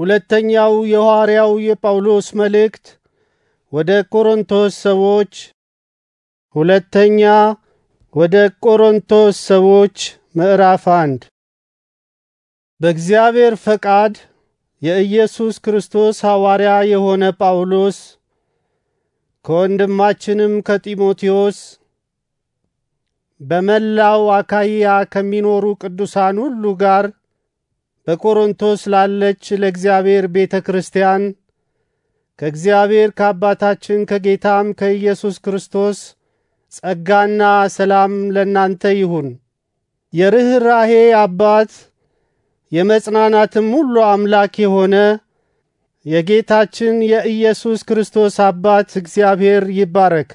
ሁለተኛው የሐዋርያው የጳውሎስ መልእክት ወደ ቆሮንቶስ ሰዎች ሁለተኛ ወደ ቆሮንቶስ ሰዎች ምዕራፍ አንድ በእግዚአብሔር ፈቃድ የኢየሱስ ክርስቶስ ሐዋርያ የሆነ ጳውሎስ ከወንድማችንም ከጢሞቴዎስ በመላው አካይያ ከሚኖሩ ቅዱሳን ሁሉ ጋር በቆሮንቶስ ላለች ለእግዚአብሔር ቤተ ክርስቲያን ከእግዚአብሔር ከአባታችን ከጌታም ከኢየሱስ ክርስቶስ ጸጋና ሰላም ለእናንተ ይሁን። የርኅራሄ አባት የመጽናናትም ሁሉ አምላክ የሆነ የጌታችን የኢየሱስ ክርስቶስ አባት እግዚአብሔር ይባረክ።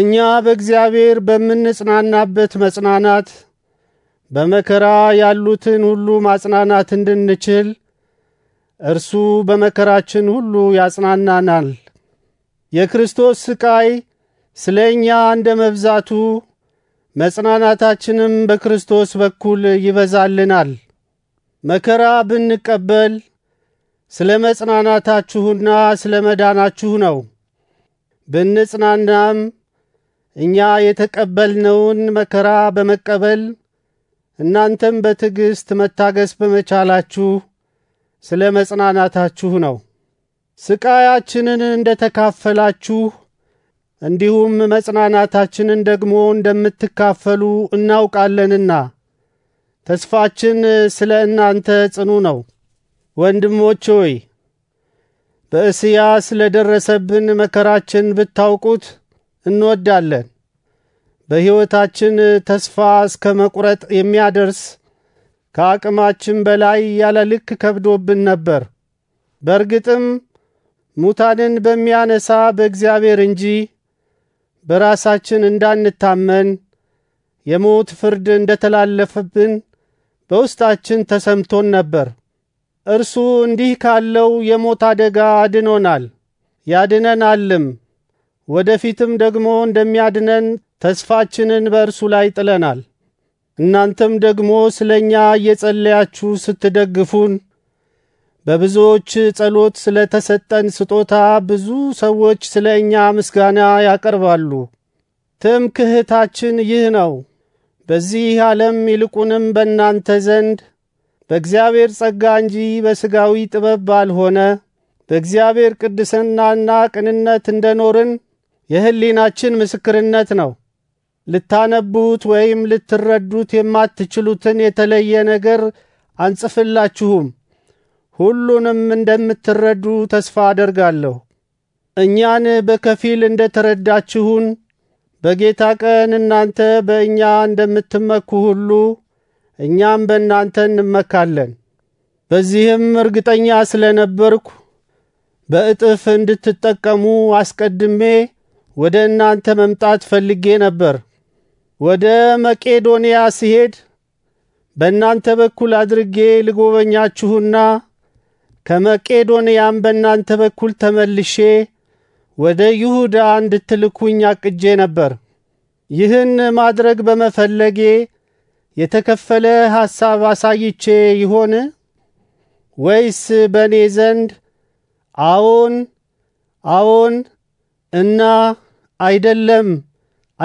እኛ በእግዚአብሔር በምንጽናናበት መጽናናት በመከራ ያሉትን ሁሉ ማጽናናት እንድንችል እርሱ በመከራችን ሁሉ ያጽናናናል። የክርስቶስ ስቃይ ስለ እኛ እንደ መብዛቱ መጽናናታችንም በክርስቶስ በኩል ይበዛልናል። መከራ ብንቀበል ስለ መጽናናታችሁና ስለ መዳናችሁ ነው። ብንጽናናም እኛ የተቀበልነውን መከራ በመቀበል እናንተም በትዕግስት መታገስ በመቻላችሁ ስለ መጽናናታችሁ ነው። ስቃያችንን እንደ ተካፈላችሁ እንዲሁም መጽናናታችንን ደግሞ እንደምትካፈሉ እናውቃለንና ተስፋችን ስለ እናንተ ጽኑ ነው። ወንድሞች ሆይ በእስያ ስለ ደረሰብን መከራችን ብታውቁት እንወዳለን። በሕይወታችን ተስፋ እስከ መቁረጥ የሚያደርስ ከአቅማችን በላይ ያለ ልክ ከብዶብን ነበር። በእርግጥም ሙታንን በሚያነሳ በእግዚአብሔር እንጂ በራሳችን እንዳንታመን የሞት ፍርድ እንደተላለፈብን በውስጣችን ተሰምቶን ነበር። እርሱ እንዲህ ካለው የሞት አደጋ አድኖናል፣ ያድነናልም ወደፊትም ደግሞ እንደሚያድነን ተስፋችንን በእርሱ ላይ ጥለናል። እናንተም ደግሞ ስለ እኛ እየጸለያችሁ ስትደግፉን በብዙዎች ጸሎት ስለ ተሰጠን ስጦታ ብዙ ሰዎች ስለ እኛ ምስጋና ያቀርባሉ። ትምክህታችን ይህ ነው፣ በዚህ ዓለም ይልቁንም በእናንተ ዘንድ በእግዚአብሔር ጸጋ እንጂ በስጋዊ ጥበብ ባልሆነ በእግዚአብሔር ቅድስናና ቅንነት እንደኖርን የሕሊናችን ምስክርነት ነው። ልታነቡት ወይም ልትረዱት የማትችሉትን የተለየ ነገር አንጽፍላችሁም። ሁሉንም እንደምትረዱ ተስፋ አደርጋለሁ። እኛን በከፊል እንደ ተረዳችሁን በጌታ ቀን እናንተ በእኛ እንደምትመኩ ሁሉ እኛም በእናንተ እንመካለን። በዚህም እርግጠኛ ስለነበርኩ በእጥፍ እንድትጠቀሙ አስቀድሜ ወደ እናንተ መምጣት ፈልጌ ነበር። ወደ መቄዶንያ ስሄድ በእናንተ በኩል አድርጌ ልጎበኛችሁና ከመቄዶንያም በእናንተ በኩል ተመልሼ ወደ ይሁዳ እንድትልኩኝ አቅጄ ነበር። ይህን ማድረግ በመፈለጌ የተከፈለ ሐሳብ አሳይቼ ይሆን ወይስ በእኔ ዘንድ አዎን አዎን እና አይደለም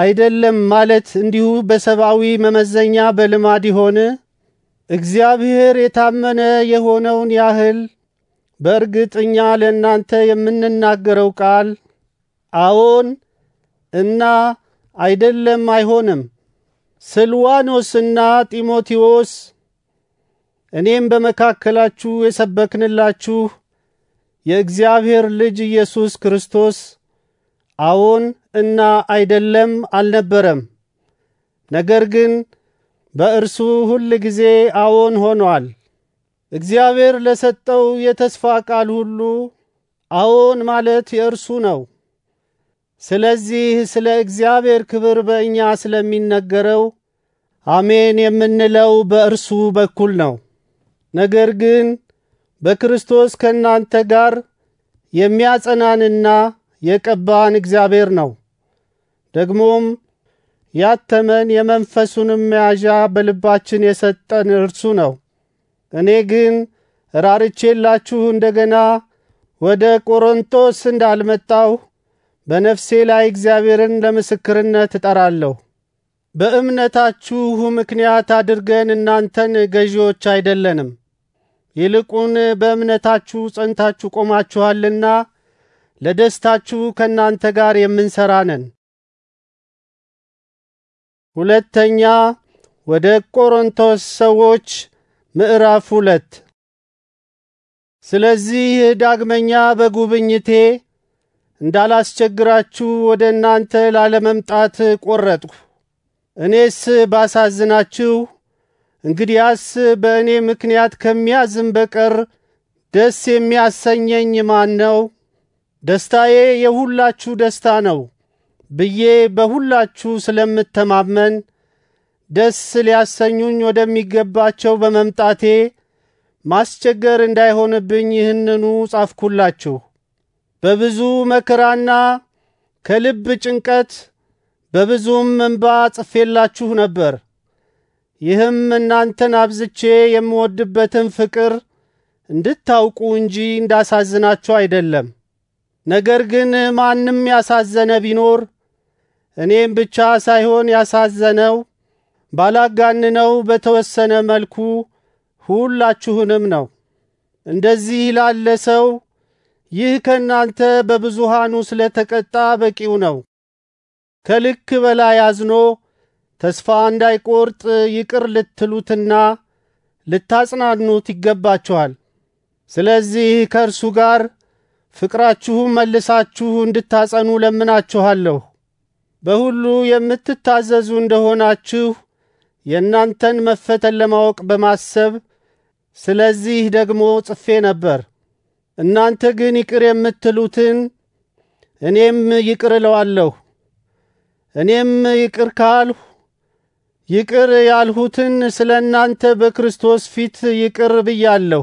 አይደለም ማለት እንዲሁ በሰብአዊ መመዘኛ በልማድ ይሆን? እግዚአብሔር የታመነ የሆነውን ያህል በእርግጥ እኛ ለእናንተ የምንናገረው ቃል አዎን እና አይደለም አይሆንም። ስልዋኖስና ጢሞቴዎስ እኔም በመካከላችሁ የሰበክንላችሁ የእግዚአብሔር ልጅ ኢየሱስ ክርስቶስ አዎን እና አይደለም አልነበረም። ነገር ግን በእርሱ ሁል ጊዜ አዎን ሆኗል። እግዚአብሔር ለሰጠው የተስፋ ቃል ሁሉ አዎን ማለት የእርሱ ነው። ስለዚህ ስለ እግዚአብሔር ክብር በእኛ ስለሚነገረው አሜን የምንለው በእርሱ በኩል ነው። ነገር ግን በክርስቶስ ከእናንተ ጋር የሚያጸናንና የቀባን እግዚአብሔር ነው። ደግሞም ያተመን የመንፈሱንም መያዣ በልባችን የሰጠን እርሱ ነው። እኔ ግን ራርቼላችሁ እንደገና ወደ ቆሮንቶስ እንዳልመጣሁ በነፍሴ ላይ እግዚአብሔርን ለምስክርነት እጠራለሁ። በእምነታችሁ ምክንያት አድርገን እናንተን ገዢዎች አይደለንም፣ ይልቁን በእምነታችሁ ጸንታችሁ ቆማችኋልና ለደስታችሁ ከእናንተ ጋር የምንሰራ ነን። ሁለተኛ ወደ ቆሮንቶስ ሰዎች ምዕራፍ ሁለት ስለዚህ ዳግመኛ በጉብኝቴ እንዳላስቸግራችሁ ወደ እናንተ ላለመምጣት ቆረጥሁ። እኔስ ባሳዝናችሁ እንግዲያስ በእኔ ምክንያት ከሚያዝን በቀር ደስ የሚያሰኘኝ ማን ነው? ደስታዬ የሁላችሁ ደስታ ነው ብዬ በሁላችሁ ስለምተማመን ደስ ሊያሰኙኝ ወደሚገባቸው በመምጣቴ ማስቸገር እንዳይሆንብኝ ይህንኑ ጻፍኩላችሁ። በብዙ መከራና ከልብ ጭንቀት በብዙም እንባ ጽፌላችሁ ነበር። ይህም እናንተን አብዝቼ የምወድበትን ፍቅር እንድታውቁ እንጂ እንዳሳዝናችሁ አይደለም። ነገር ግን ማንም ያሳዘነ ቢኖር እኔም ብቻ ሳይሆን ያሳዘነው ባላጋንነው በተወሰነ መልኩ ሁላችሁንም ነው። እንደዚህ ላለ ሰው ይህ ከእናንተ በብዙሃኑ ስለተቀጣ በቂው ነው። ከልክ በላይ አዝኖ ተስፋ እንዳይቆርጥ ይቅር ልትሉትና ልታጽናኑት ይገባችኋል። ስለዚህ ከእርሱ ጋር ፍቅራችሁም መልሳችሁ እንድታጸኑ ለምናችኋለሁ። በሁሉ የምትታዘዙ እንደሆናችሁ የእናንተን መፈተን ለማወቅ በማሰብ ስለዚህ ደግሞ ጽፌ ነበር። እናንተ ግን ይቅር የምትሉትን እኔም ይቅር እለዋለሁ። እኔም ይቅር ካልሁ ይቅር ያልሁትን ስለ እናንተ በክርስቶስ ፊት ይቅር ብያለሁ።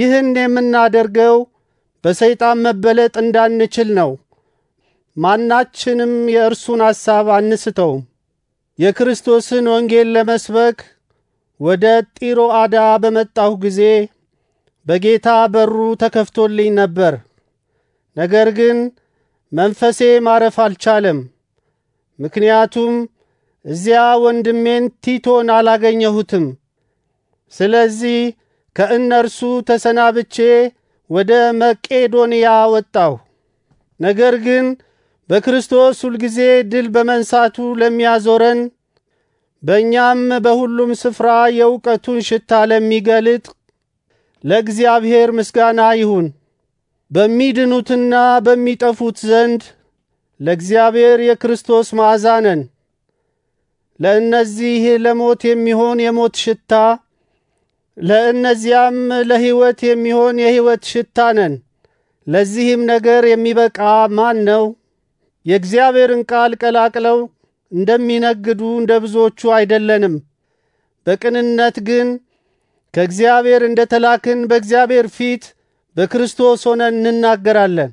ይህን የምናደርገው በሰይጣን መበለጥ እንዳንችል ነው። ማናችንም የእርሱን ሐሳብ አንስተውም። የክርስቶስን ወንጌል ለመስበክ ወደ ጢሮ አዳ በመጣሁ ጊዜ በጌታ በሩ ተከፍቶልኝ ነበር። ነገር ግን መንፈሴ ማረፍ አልቻለም። ምክንያቱም እዚያ ወንድሜን ቲቶን አላገኘሁትም። ስለዚህ ከእነርሱ ተሰናብቼ ወደ መቄዶንያ ወጣሁ። ነገር ግን በክርስቶስ ሁልጊዜ ድል በመንሳቱ ለሚያዞረን በእኛም በሁሉም ስፍራ የእውቀቱን ሽታ ለሚገልጥ ለእግዚአብሔር ምስጋና ይሁን። በሚድኑትና በሚጠፉት ዘንድ ለእግዚአብሔር የክርስቶስ መዓዛ ነን። ለእነዚህ ለሞት የሚሆን የሞት ሽታ ለእነዚያም ለሕይወት የሚሆን የሕይወት ሽታ ነን። ለዚህም ነገር የሚበቃ ማን ነው? የእግዚአብሔርን ቃል ቀላቅለው እንደሚነግዱ እንደ ብዙዎቹ አይደለንም። በቅንነት ግን ከእግዚአብሔር እንደ ተላክን በእግዚአብሔር ፊት በክርስቶስ ሆነን እንናገራለን።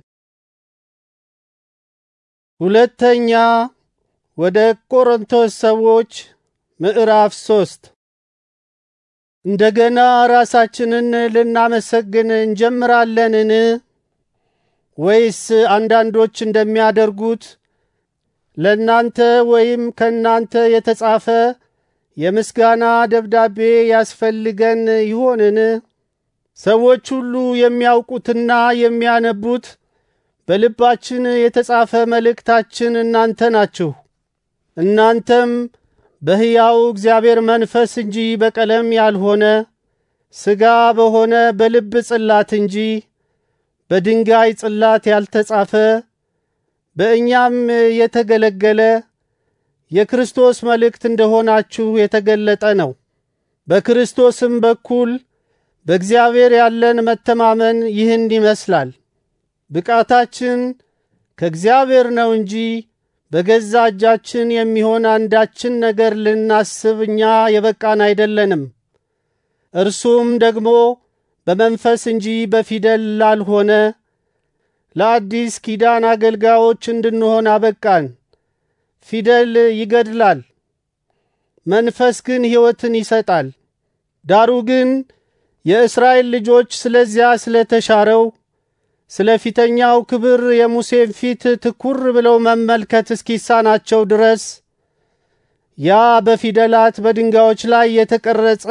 ሁለተኛ ወደ ቆሮንቶስ ሰዎች ምዕራፍ ሶስት እንደገና ራሳችንን ልናመሰግን እንጀምራለንን? ወይስ አንዳንዶች እንደሚያደርጉት ለእናንተ ወይም ከእናንተ የተጻፈ የምስጋና ደብዳቤ ያስፈልገን ይሆንን? ሰዎች ሁሉ የሚያውቁትና የሚያነቡት በልባችን የተጻፈ መልእክታችን እናንተ ናችሁ። እናንተም በሕያው እግዚአብሔር መንፈስ እንጂ በቀለም ያልሆነ ሥጋ በሆነ በልብ ጽላት እንጂ በድንጋይ ጽላት ያልተጻፈ በእኛም የተገለገለ የክርስቶስ መልእክት እንደሆናችሁ የተገለጠ ነው። በክርስቶስም በኩል በእግዚአብሔር ያለን መተማመን ይህን ይመስላል። ብቃታችን ከእግዚአብሔር ነው እንጂ በገዛ እጃችን የሚሆን አንዳችን ነገር ልናስብ እኛ የበቃን አይደለንም። እርሱም ደግሞ በመንፈስ እንጂ በፊደል ላልሆነ ለአዲስ ኪዳን አገልጋዮች እንድንሆን አበቃን። ፊደል ይገድላል፣ መንፈስ ግን ሕይወትን ይሰጣል። ዳሩ ግን የእስራኤል ልጆች ስለዚያ ስለተሻረው ስለ ፊተኛው ክብር የሙሴን ፊት ትኩር ብለው መመልከት እስኪሳናቸው ድረስ ያ በፊደላት በድንጋዮች ላይ የተቀረጸ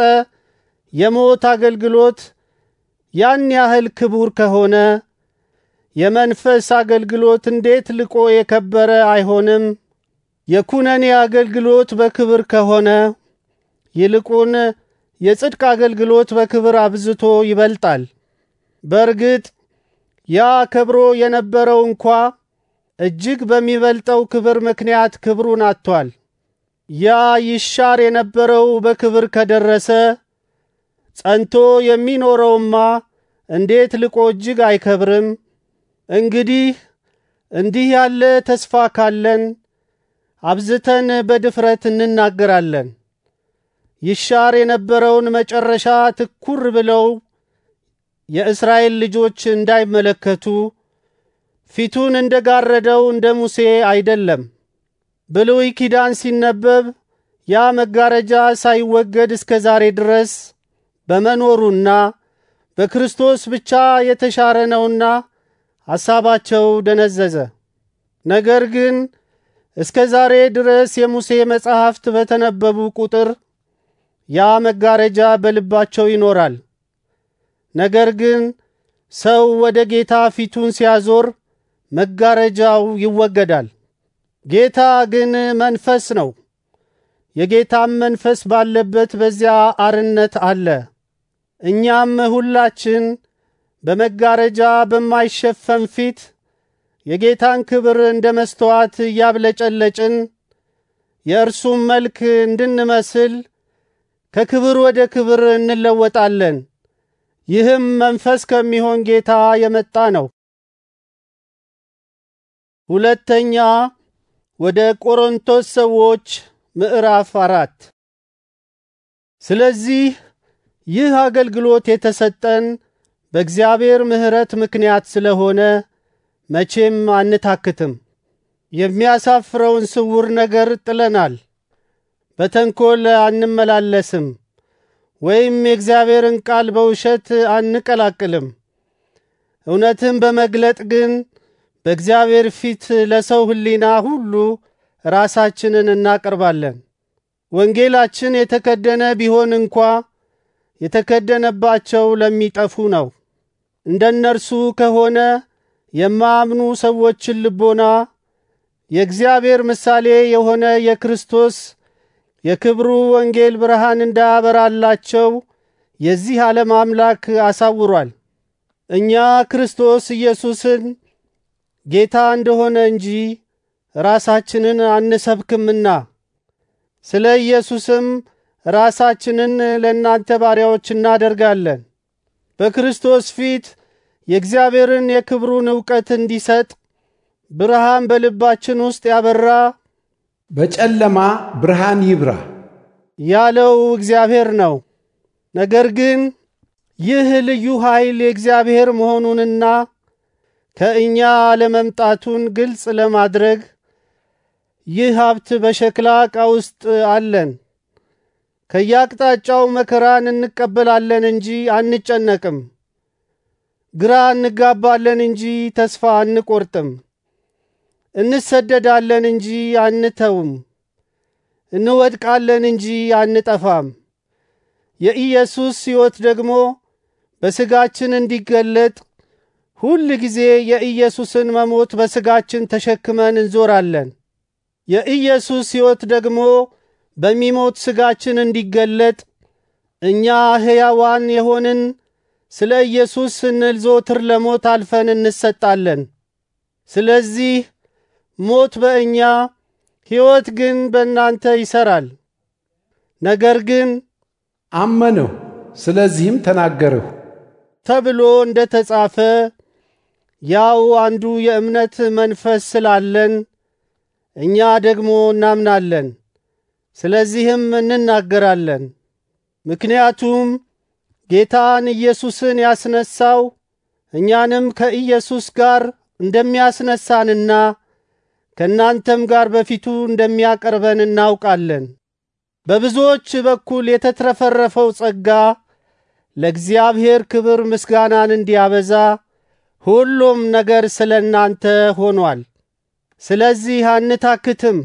የሞት አገልግሎት ያን ያህል ክቡር ከሆነ የመንፈስ አገልግሎት እንዴት ልቆ የከበረ አይሆንም? የኩነኔ አገልግሎት በክብር ከሆነ ይልቁን የጽድቅ አገልግሎት በክብር አብዝቶ ይበልጣል። በእርግጥ ያ ከብሮ የነበረው እንኳ እጅግ በሚበልጠው ክብር ምክንያት ክብሩን አጥቷል። ያ ይሻር የነበረው በክብር ከደረሰ ጸንቶ የሚኖረውማ እንዴት ልቆ እጅግ አይከብርም? እንግዲህ እንዲህ ያለ ተስፋ ካለን አብዝተን በድፍረት እንናገራለን። ይሻር የነበረውን መጨረሻ ትኩር ብለው የእስራኤል ልጆች እንዳይመለከቱ ፊቱን እንደ ጋረደው እንደ ሙሴ አይደለም። ብሉይ ኪዳን ሲነበብ ያ መጋረጃ ሳይወገድ እስከ ዛሬ ድረስ በመኖሩና በክርስቶስ ብቻ የተሻረ ነውና ሐሳባቸው ደነዘዘ። ነገር ግን እስከ ዛሬ ድረስ የሙሴ መጻሕፍት በተነበቡ ቁጥር ያ መጋረጃ በልባቸው ይኖራል። ነገር ግን ሰው ወደ ጌታ ፊቱን ሲያዞር መጋረጃው ይወገዳል። ጌታ ግን መንፈስ ነው፣ የጌታም መንፈስ ባለበት በዚያ አርነት አለ። እኛም ሁላችን በመጋረጃ በማይሸፈን ፊት የጌታን ክብር እንደ መስተዋት እያብለጨለጭን የእርሱም መልክ እንድንመስል ከክብር ወደ ክብር እንለወጣለን። ይህም መንፈስ ከሚሆን ጌታ የመጣ ነው። ሁለተኛ ወደ ቆሮንቶስ ሰዎች ምዕራፍ አራት ስለዚህ ይህ አገልግሎት የተሰጠን በእግዚአብሔር ምሕረት ምክንያት ስለሆነ መቼም አንታክትም። የሚያሳፍረውን ስውር ነገር ጥለናል፣ በተንኮል አንመላለስም። ወይም የእግዚአብሔርን ቃል በውሸት አንቀላቅልም። እውነትን በመግለጥ ግን በእግዚአብሔር ፊት ለሰው ሕሊና ሁሉ ራሳችንን እናቀርባለን። ወንጌላችን የተከደነ ቢሆን እንኳ የተከደነባቸው ለሚጠፉ ነው። እንደ እነርሱ ከሆነ የማያምኑ ሰዎችን ልቦና የእግዚአብሔር ምሳሌ የሆነ የክርስቶስ የክብሩ ወንጌል ብርሃን እንዳበራላቸው የዚህ ዓለም አምላክ አሳውሯል። እኛ ክርስቶስ ኢየሱስን ጌታ እንደሆነ እንጂ ራሳችንን አንሰብክምና ስለ ኢየሱስም ራሳችንን ለእናንተ ባሪያዎች እናደርጋለን። በክርስቶስ ፊት የእግዚአብሔርን የክብሩን እውቀት እንዲሰጥ ብርሃን በልባችን ውስጥ ያበራ በጨለማ ብርሃን ይብራ ያለው እግዚአብሔር ነው። ነገር ግን ይህ ልዩ ኃይል የእግዚአብሔር መሆኑንና ከእኛ ለመምጣቱን ግልጽ ለማድረግ ይህ ሀብት በሸክላ ዕቃ ውስጥ አለን። ከየአቅጣጫው መከራን እንቀበላለን እንጂ አንጨነቅም። ግራ እንጋባለን እንጂ ተስፋ አንቆርጥም። እንሰደዳለን እንጂ አንተውም፣ እንወድቃለን እንጂ አንጠፋም። የኢየሱስ ሕይወት ደግሞ በስጋችን እንዲገለጥ ሁል ጊዜ የኢየሱስን መሞት በስጋችን ተሸክመን እንዞራለን። የኢየሱስ ሕይወት ደግሞ በሚሞት ስጋችን እንዲገለጥ እኛ ሕያዋን የሆንን ስለ ኢየሱስ ስንል ዞትር ለሞት አልፈን እንሰጣለን። ስለዚህ ሞት በእኛ ሕይወት ግን በእናንተ ይሰራል። ነገር ግን አመንሁ ስለዚህም ተናገርሁ ተብሎ እንደ ተጻፈ ያው አንዱ የእምነት መንፈስ ስላለን እኛ ደግሞ እናምናለን፣ ስለዚህም እንናገራለን። ምክንያቱም ጌታን ኢየሱስን ያስነሳው እኛንም ከኢየሱስ ጋር እንደሚያስነሳንና ከእናንተም ጋር በፊቱ እንደሚያቀርበን እናውቃለን። በብዙዎች በኩል የተትረፈረፈው ጸጋ ለእግዚአብሔር ክብር ምስጋናን እንዲያበዛ ሁሉም ነገር ስለ እናንተ ሆኗል። ስለዚህ አንታክትም።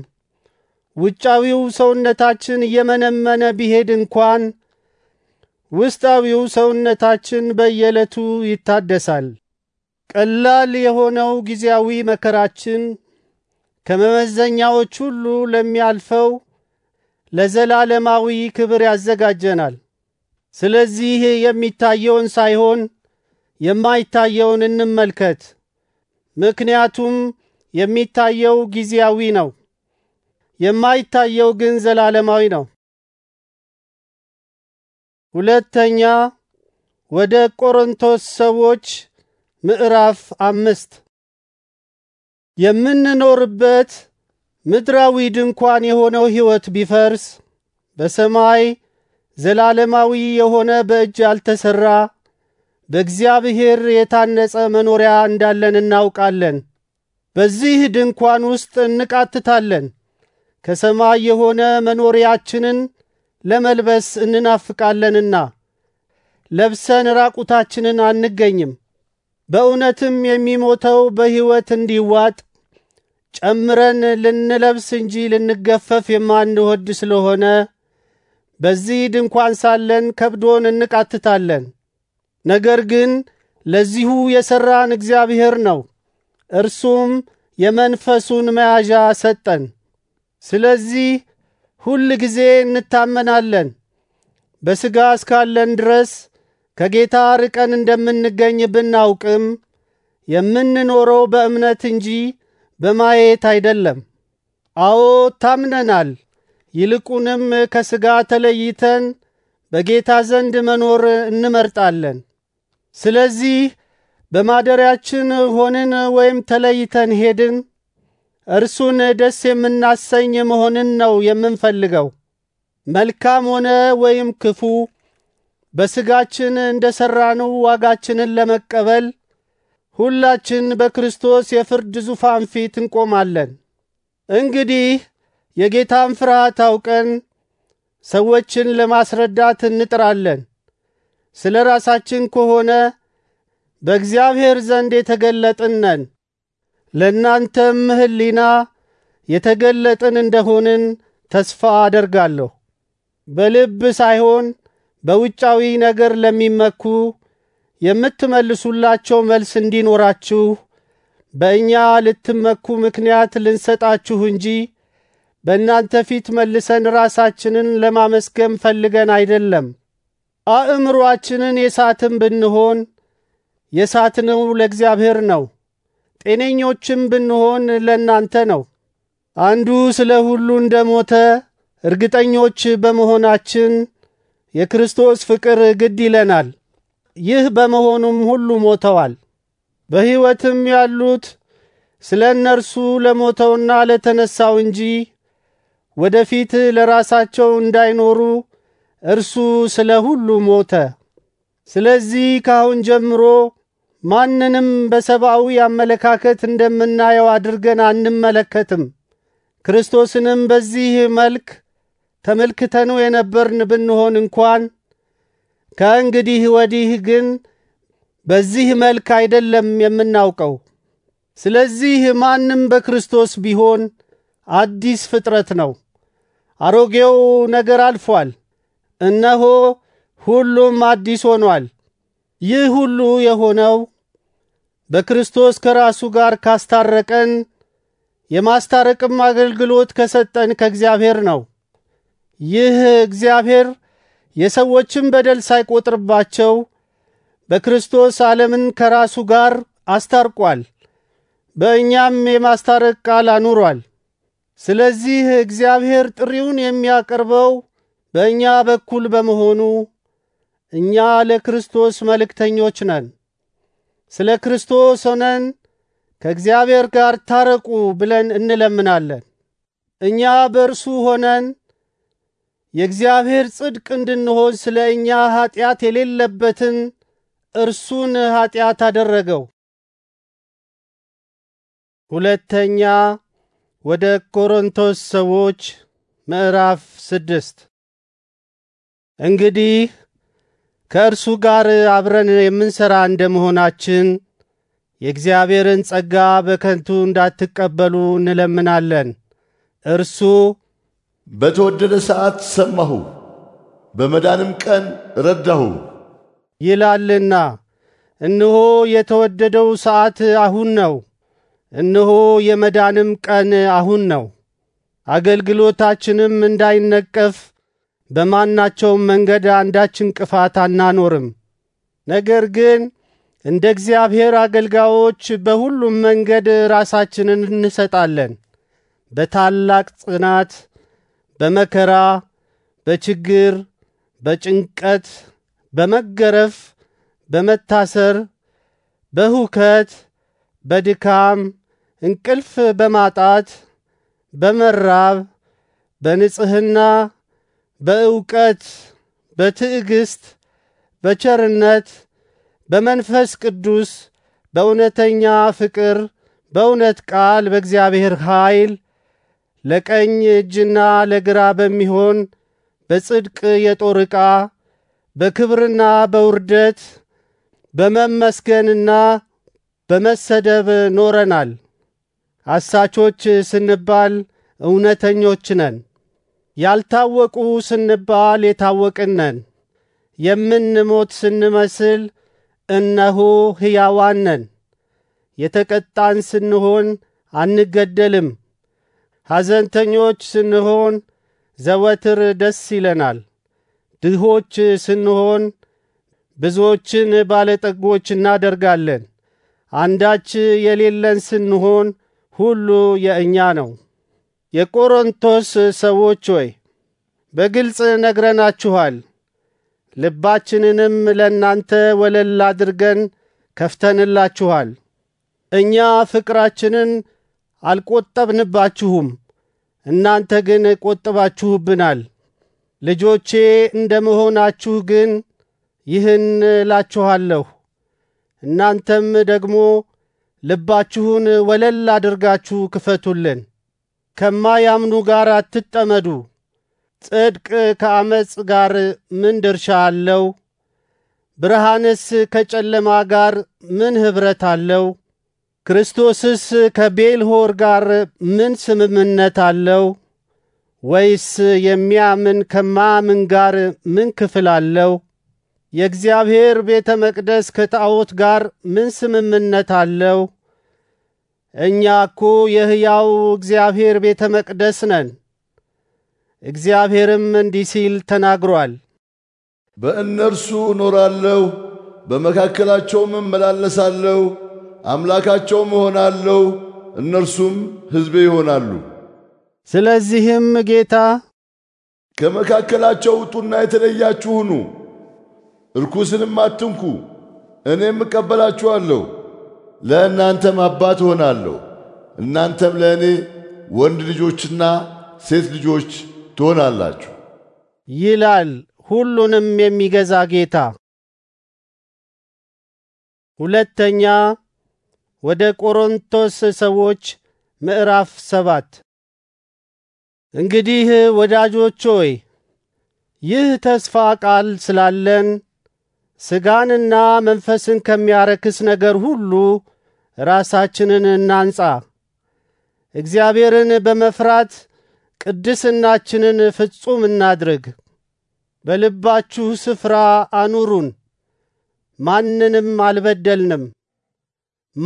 ውጫዊው ሰውነታችን እየመነመነ ቢሄድ እንኳን ውስጣዊው ሰውነታችን በየዕለቱ ይታደሳል። ቀላል የሆነው ጊዜያዊ መከራችን ከመመዘኛዎች ሁሉ ለሚያልፈው ለዘላለማዊ ክብር ያዘጋጀናል። ስለዚህ የሚታየውን ሳይሆን የማይታየውን እንመልከት። ምክንያቱም የሚታየው ጊዜያዊ ነው፣ የማይታየው ግን ዘላለማዊ ነው። ሁለተኛ ወደ ቆሮንቶስ ሰዎች ምዕራፍ አምስት የምንኖርበት ምድራዊ ድንኳን የሆነው ሕይወት ቢፈርስ በሰማይ ዘላለማዊ የሆነ በእጅ ያልተሰራ በእግዚአብሔር የታነጸ መኖሪያ እንዳለን እናውቃለን። በዚህ ድንኳን ውስጥ እንቃትታለን። ከሰማይ የሆነ መኖሪያችንን ለመልበስ እንናፍቃለንና ለብሰን ራቁታችንን አንገኝም። በእውነትም የሚሞተው በሕይወት እንዲዋጥ ጨምረን ልንለብስ እንጂ ልንገፈፍ የማንወድ ስለሆነ በዚህ ድንኳን ሳለን ከብዶን እንቃትታለን። ነገር ግን ለዚሁ የሠራን እግዚአብሔር ነው፣ እርሱም የመንፈሱን መያዣ ሰጠን። ስለዚህ ሁል ጊዜ እንታመናለን። በሥጋ እስካለን ድረስ ከጌታ ርቀን እንደምንገኝ ብናውቅም የምንኖረው በእምነት እንጂ በማየት አይደለም። አዎ ታምነናል፣ ይልቁንም ከሥጋ ተለይተን በጌታ ዘንድ መኖር እንመርጣለን። ስለዚህ በማደሪያችን ሆንን ወይም ተለይተን ሄድን፣ እርሱን ደስ የምናሰኝ መሆንን ነው የምንፈልገው። መልካም ሆነ ወይም ክፉ በስጋችን እንደ ዋጋችንን ለመቀበል ሁላችን በክርስቶስ የፍርድ ዙፋን ፊት እንቆማለን። እንግዲህ የጌታን ፍርሃት አውቀን ሰዎችን ለማስረዳት እንጥራለን። ስለ ራሳችን ከሆነ በእግዚአብሔር ዘንድ የተገለጥን ነን። ለእናንተም ሕሊና የተገለጥን እንደሆንን ተስፋ አደርጋለሁ። በልብ ሳይሆን በውጫዊ ነገር ለሚመኩ የምትመልሱላቸው መልስ እንዲኖራችሁ በእኛ ልትመኩ ምክንያት ልንሰጣችሁ እንጂ በእናንተ ፊት መልሰን ራሳችንን ለማመስገን ፈልገን አይደለም። አእምሮአችንን የሳትን ብንሆን የሳትነው ለእግዚአብሔር ነው። ጤነኞችም ብንሆን ለእናንተ ነው። አንዱ ስለ ሁሉ እንደሞተ እርግጠኞች በመሆናችን የክርስቶስ ፍቅር ግድ ይለናል። ይህ በመሆኑም ሁሉ ሞተዋል። በሕይወትም ያሉት ስለ እነርሱ ለሞተውና ለተነሳው እንጂ ወደፊት ለራሳቸው እንዳይኖሩ እርሱ ስለ ሁሉ ሞተ። ስለዚህ ካሁን ጀምሮ ማንንም በሰብአዊ አመለካከት እንደምናየው አድርገን አንመለከትም። ክርስቶስንም በዚህ መልክ ተመልክተነው የነበርን ብንሆን እንኳን ከእንግዲህ ወዲህ ግን በዚህ መልክ አይደለም የምናውቀው። ስለዚህ ማንም በክርስቶስ ቢሆን አዲስ ፍጥረት ነው፣ አሮጌው ነገር አልፏል፣ እነሆ ሁሉም አዲስ ሆኗል። ይህ ሁሉ የሆነው በክርስቶስ ከራሱ ጋር ካስታረቀን የማስታረቅም አገልግሎት ከሰጠን ከእግዚአብሔር ነው። ይህ እግዚአብሔር የሰዎችን በደል ሳይቆጥርባቸው በክርስቶስ ዓለምን ከራሱ ጋር አስታርቋል፣ በእኛም የማስታረቅ ቃል አኑሯል። ስለዚህ እግዚአብሔር ጥሪውን የሚያቀርበው በእኛ በኩል በመሆኑ እኛ ለክርስቶስ መልእክተኞች ነን። ስለ ክርስቶስ ሆነን ከእግዚአብሔር ጋር ታረቁ ብለን እንለምናለን። እኛ በእርሱ ሆነን የእግዚአብሔር ጽድቅ እንድንሆን ስለ እኛ ኀጢአት የሌለበትን እርሱን ኀጢአት አደረገው። ሁለተኛ ወደ ቆሮንቶስ ሰዎች ምዕራፍ ስድስት እንግዲህ ከእርሱ ጋር አብረን የምንሰራ እንደ መሆናችን የእግዚአብሔርን ጸጋ በከንቱ እንዳትቀበሉ እንለምናለን። እርሱ በተወደደ ሰዓት ሰማሁ፣ በመዳንም ቀን ረዳሁ ይላልና። እነሆ የተወደደው ሰዓት አሁን ነው፣ እነሆ የመዳንም ቀን አሁን ነው። አገልግሎታችንም እንዳይነቀፍ በማናቸውም መንገድ አንዳች እንቅፋት አናኖርም። ነገር ግን እንደ እግዚአብሔር አገልጋዮች በሁሉም መንገድ ራሳችንን እንሰጣለን። በታላቅ ጽናት በመከራ በችግር በጭንቀት በመገረፍ በመታሰር በሁከት በድካም እንቅልፍ በማጣት በመራብ በንጽህና በእውቀት በትዕግስት በቸርነት በመንፈስ ቅዱስ በእውነተኛ ፍቅር በእውነት ቃል በእግዚአብሔር ኃይል ለቀኝ እጅና ለግራ በሚሆን በጽድቅ የጦር ዕቃ በክብርና በውርደት በመመስገንና በመሰደብ ኖረናል። አሳቾች ስንባል እውነተኞች ነን። ያልታወቁ ስንባል የታወቅን ነን። የምንሞት ስንመስል እነሆ ሕያዋን ነን። የተቀጣን ስንሆን አንገደልም። ሐዘንተኞች ስንሆን ዘወትር ደስ ይለናል። ድሆች ስንሆን ብዙዎችን ባለጠጎች እናደርጋለን። አንዳች የሌለን ስንሆን ሁሉ የእኛ ነው። የቆሮንቶስ ሰዎች ሆይ በግልጽ ነግረናችኋል። ልባችንንም ለእናንተ ወለል አድርገን ከፍተንላችኋል። እኛ ፍቅራችንን አልቆጠብንባችሁም እናንተ ግን ቆጥባችሁብናል። ልጆቼ እንደ መሆናችሁ ግን ይህን እላችኋለሁ። እናንተም ደግሞ ልባችሁን ወለል አድርጋችሁ ክፈቱልን። ከማያምኑ ጋር አትጠመዱ። ጽድቅ ከአመፅ ጋር ምን ድርሻ አለው? ብርሃንስ ከጨለማ ጋር ምን ኅብረት አለው? ክርስቶስስ ከቤልሆር ጋር ምን ስምምነት አለው? ወይስ የሚያምን ከማያምን ጋር ምን ክፍል አለው? የእግዚአብሔር ቤተ መቅደስ ከጣዖት ጋር ምን ስምምነት አለው? እኛ እኮ የሕያው እግዚአብሔር ቤተ መቅደስ ነን። እግዚአብሔርም እንዲህ ሲል ተናግሯል። በእነርሱ እኖራለሁ፣ በመካከላቸውም እመላለሳለሁ አምላካቸውም እሆናለሁ፣ እነርሱም ሕዝቤ ይሆናሉ። ስለዚህም ጌታ ከመካከላቸው ውጡና የተለያችሁ ሁኑ፣ እርኩስንም አትንኩ፣ እኔም እቀበላችኋለሁ። ለእናንተም አባት እሆናለሁ፣ እናንተም ለእኔ ወንድ ልጆችና ሴት ልጆች ትሆናላችሁ ይላል ሁሉንም የሚገዛ ጌታ። ሁለተኛ ወደ ቆሮንቶስ ሰዎች ምዕራፍ ሰባት እንግዲህ ወዳጆች ሆይ ይህ ተስፋ ቃል ስላለን ስጋንና መንፈስን ከሚያረክስ ነገር ሁሉ ራሳችንን እናንጻ። እግዚአብሔርን በመፍራት ቅድስናችንን ፍጹም እናድርግ። በልባችሁ ስፍራ አኑሩን። ማንንም አልበደልንም።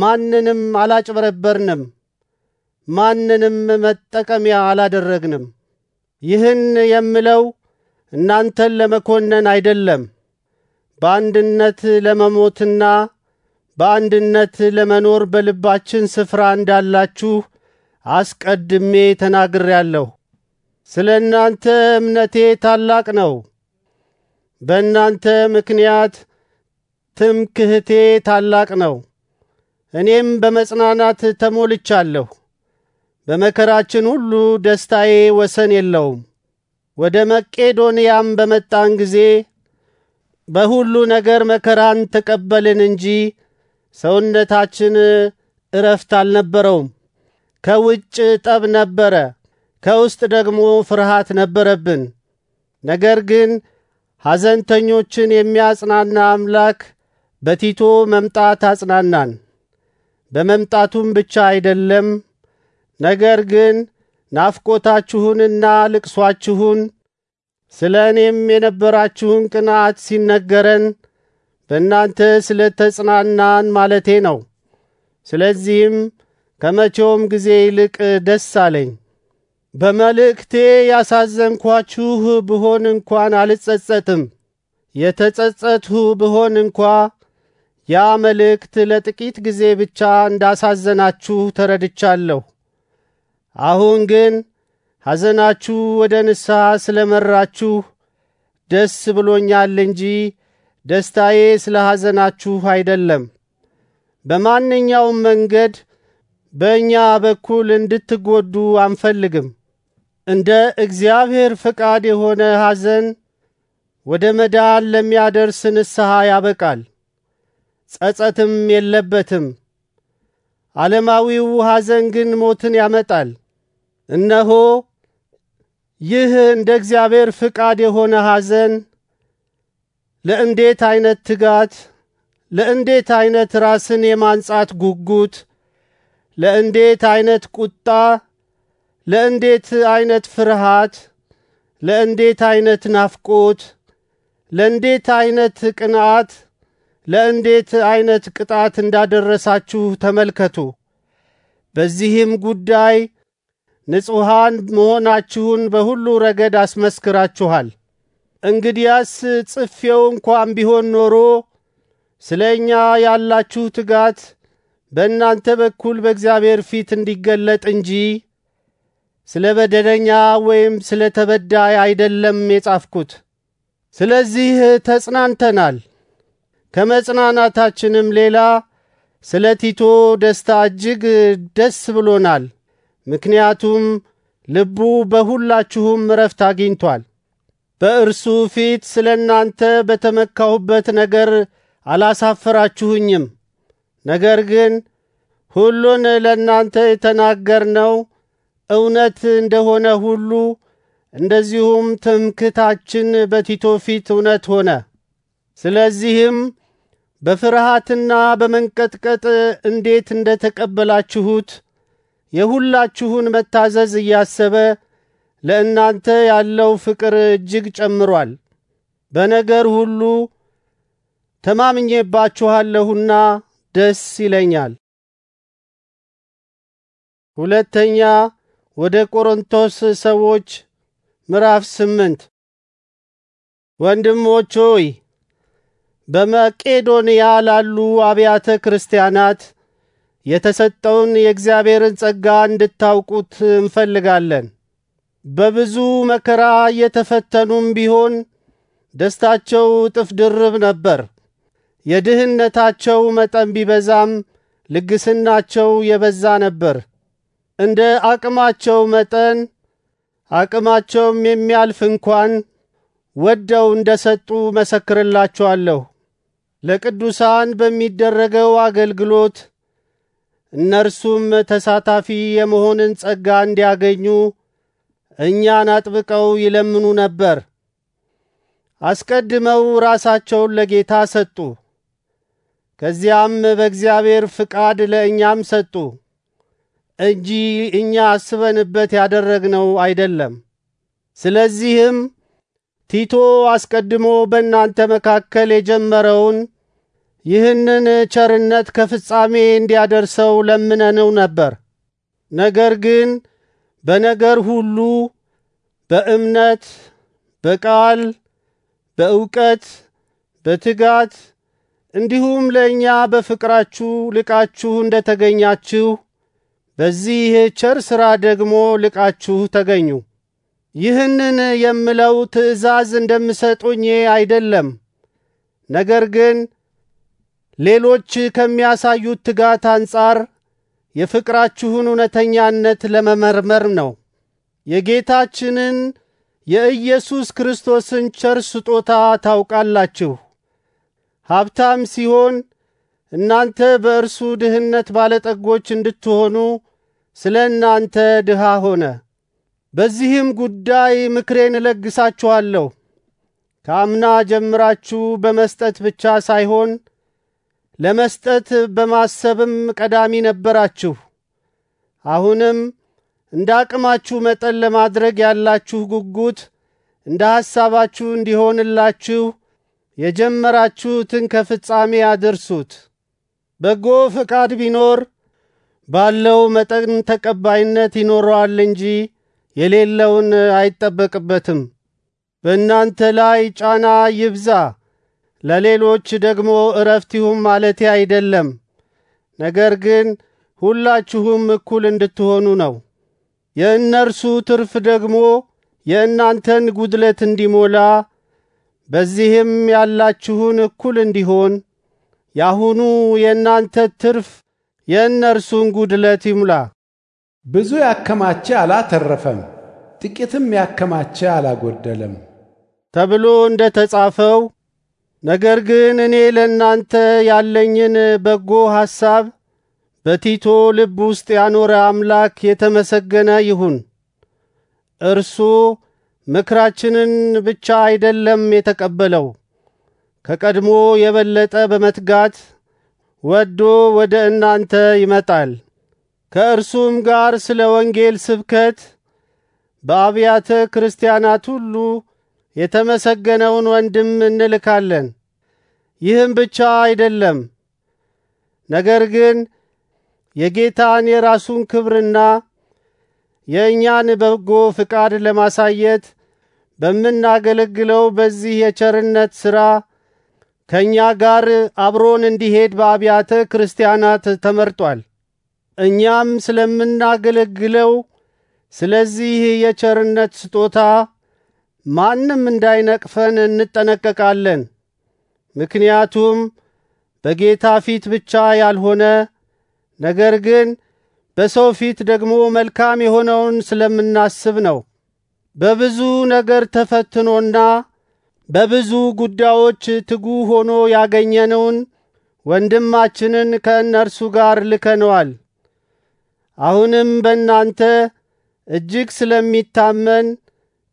ማንንም አላጭበረበርንም፣ ማንንም መጠቀሚያ አላደረግንም። ይህን የምለው እናንተን ለመኮነን አይደለም፣ በአንድነት ለመሞትና በአንድነት ለመኖር በልባችን ስፍራ እንዳላችሁ አስቀድሜ ተናግሬያለሁ። ስለ እናንተ እምነቴ ታላቅ ነው። በእናንተ ምክንያት ትምክህቴ ታላቅ ነው። እኔም በመጽናናት ተሞልቻለሁ። በመከራችን ሁሉ ደስታዬ ወሰን የለውም። ወደ መቄዶንያም በመጣን ጊዜ በሁሉ ነገር መከራን ተቀበልን እንጂ ሰውነታችን እረፍት አልነበረውም። ከውጭ ጠብ ነበረ፣ ከውስጥ ደግሞ ፍርሃት ነበረብን። ነገር ግን ሐዘንተኞችን የሚያጽናና አምላክ በቲቶ መምጣት አጽናናን። በመምጣቱም ብቻ አይደለም፣ ነገር ግን ናፍቆታችሁንና ልቅሷችሁን ስለ እኔም የነበራችሁን ቅንዓት ሲነገረን በእናንተ ስለ ተጽናናን ማለቴ ነው። ስለዚህም ከመቼውም ጊዜ ይልቅ ደስ አለኝ። በመልእክቴ ያሳዘንኳችሁ ብሆን እንኳን አልጸጸትም። የተጸጸትሁ ብሆን እንኳ ያ መልእክት ለጥቂት ጊዜ ብቻ እንዳሳዘናችሁ ተረድቻለሁ። አሁን ግን ሐዘናችሁ ወደ ንስሐ ስለ መራችሁ ደስ ብሎኛል እንጂ ደስታዬ ስለ ሐዘናችሁ አይደለም። በማንኛውም መንገድ በእኛ በኩል እንድትጎዱ አንፈልግም። እንደ እግዚአብሔር ፈቃድ የሆነ ሐዘን ወደ መዳን ለሚያደርስ ንስሐ ያበቃል። ጸጸትም የለበትም። ዓለማዊው ሐዘን ግን ሞትን ያመጣል። እነሆ ይህ እንደ እግዚአብሔር ፍቃድ የሆነ ሐዘን ለእንዴት አይነት ትጋት፣ ለእንዴት አይነት ራስን የማንጻት ጉጉት፣ ለእንዴት አይነት ቁጣ፣ ለእንዴት አይነት ፍርሃት፣ ለእንዴት አይነት ናፍቆት፣ ለእንዴት አይነት ቅንዓት ለእንዴት አይነት ቅጣት እንዳደረሳችሁ ተመልከቱ። በዚህም ጉዳይ ንጹሐን መሆናችሁን በሁሉ ረገድ አስመስክራችኋል። እንግዲያስ ጽፌው እንኳን ቢሆን ኖሮ ስለ እኛ ያላችሁ ትጋት በእናንተ በኩል በእግዚአብሔር ፊት እንዲገለጥ እንጂ ስለ በደለኛ ወይም ስለ ተበዳይ አይደለም የጻፍኩት። ስለዚህ ተጽናንተናል። ከመጽናናታችንም ሌላ ስለ ቲቶ ደስታ እጅግ ደስ ብሎናል። ምክንያቱም ልቡ በሁላችሁም እረፍት አግኝቷል። በእርሱ ፊት ስለ እናንተ በተመካሁበት ነገር አላሳፈራችሁኝም። ነገር ግን ሁሉን ለእናንተ የተናገርነው እውነት እንደሆነ ሁሉ እንደዚሁም ትምክታችን በቲቶ ፊት እውነት ሆነ። ስለዚህም በፍርሃትና በመንቀጥቀጥ እንዴት እንደ ተቀበላችሁት የሁላችሁን መታዘዝ እያሰበ ለእናንተ ያለው ፍቅር እጅግ ጨምሯል። በነገር ሁሉ ተማምኜባችኋለሁና ደስ ይለኛል። ሁለተኛ ወደ ቆሮንቶስ ሰዎች ምዕራፍ ስምንት ወንድሞች ሆይ በመቄዶንያ ላሉ አብያተ ክርስቲያናት የተሰጠውን የእግዚአብሔርን ጸጋ እንድታውቁት እንፈልጋለን። በብዙ መከራ እየተፈተኑም ቢሆን ደስታቸው እጥፍ ድርብ ነበር። የድህነታቸው መጠን ቢበዛም ልግስናቸው የበዛ ነበር። እንደ አቅማቸው መጠን አቅማቸውም የሚያልፍ እንኳን ወደው እንደ ሰጡ መሰክርላችኋለሁ። ለቅዱሳን በሚደረገው አገልግሎት እነርሱም ተሳታፊ የመሆንን ጸጋ እንዲያገኙ እኛን አጥብቀው ይለምኑ ነበር። አስቀድመው ራሳቸውን ለጌታ ሰጡ። ከዚያም በእግዚአብሔር ፍቃድ ለእኛም ሰጡ እንጂ እኛ አስበንበት ያደረግነው አይደለም። ስለዚህም ቲቶ አስቀድሞ በእናንተ መካከል የጀመረውን ይህንን ቸርነት ከፍጻሜ እንዲያደርሰው ለምነነው ነበር። ነገር ግን በነገር ሁሉ በእምነት፣ በቃል፣ በእውቀት፣ በትጋት እንዲሁም ለእኛ በፍቅራችሁ ልቃችሁ እንደ ተገኛችሁ በዚህ ቸር ሥራ ደግሞ ልቃችሁ ተገኙ። ይህንን የምለው ትእዛዝ እንደምሰጡኝ አይደለም፣ ነገር ግን ሌሎች ከሚያሳዩት ትጋት አንጻር የፍቅራችሁን እውነተኛነት ለመመርመር ነው። የጌታችንን የኢየሱስ ክርስቶስን ቸር ስጦታ ታውቃላችሁ። ሀብታም ሲሆን እናንተ በእርሱ ድህነት ባለጠጎች እንድትሆኑ ስለ እናንተ ድሃ ሆነ። በዚህም ጉዳይ ምክሬን እለግሳችኋለሁ። ከአምና ጀምራችሁ በመስጠት ብቻ ሳይሆን ለመስጠት በማሰብም ቀዳሚ ነበራችሁ። አሁንም እንደ አቅማችሁ መጠን ለማድረግ ያላችሁ ጉጉት እንደ ሐሳባችሁ እንዲሆንላችሁ የጀመራችሁትን ከፍጻሜ አድርሱት። በጎ ፈቃድ ቢኖር ባለው መጠን ተቀባይነት ይኖረዋል እንጂ የሌለውን አይጠበቅበትም። በእናንተ ላይ ጫና ይብዛ፣ ለሌሎች ደግሞ እረፍት ይሁን ማለቴ አይደለም፣ ነገር ግን ሁላችሁም እኩል እንድትሆኑ ነው። የእነርሱ ትርፍ ደግሞ የእናንተን ጉድለት እንዲሞላ በዚህም ያላችሁን እኩል እንዲሆን ያሁኑ የእናንተ ትርፍ የእነርሱን ጉድለት ይሙላ። ብዙ ያከማቸ አላተረፈም፣ ጥቂትም ያከማቸ አላጎደለም ተብሎ እንደ ተጻፈው ነገር ግን እኔ ለእናንተ ያለኝን በጎ ሐሳብ በቲቶ ልብ ውስጥ ያኖረ አምላክ የተመሰገነ ይሁን። እርሱ ምክራችንን ብቻ አይደለም የተቀበለው፣ ከቀድሞ የበለጠ በመትጋት ወዶ ወደ እናንተ ይመጣል። ከእርሱም ጋር ስለ ወንጌል ስብከት በአብያተ ክርስቲያናት ሁሉ የተመሰገነውን ወንድም እንልካለን። ይህም ብቻ አይደለም፣ ነገር ግን የጌታን የራሱን ክብርና የእኛን በጎ ፍቃድ ለማሳየት በምናገለግለው በዚህ የቸርነት ሥራ ከእኛ ጋር አብሮን እንዲሄድ በአብያተ ክርስቲያናት ተመርጧል። እኛም ስለምናገለግለው ስለዚህ የቸርነት ስጦታ ማንም እንዳይነቅፈን እንጠነቀቃለን። ምክንያቱም በጌታ ፊት ብቻ ያልሆነ ነገር ግን በሰው ፊት ደግሞ መልካም የሆነውን ስለምናስብ ነው። በብዙ ነገር ተፈትኖና በብዙ ጉዳዮች ትጉ ሆኖ ያገኘነውን ወንድማችንን ከእነርሱ ጋር ልከነዋል። አሁንም በእናንተ እጅግ ስለሚታመን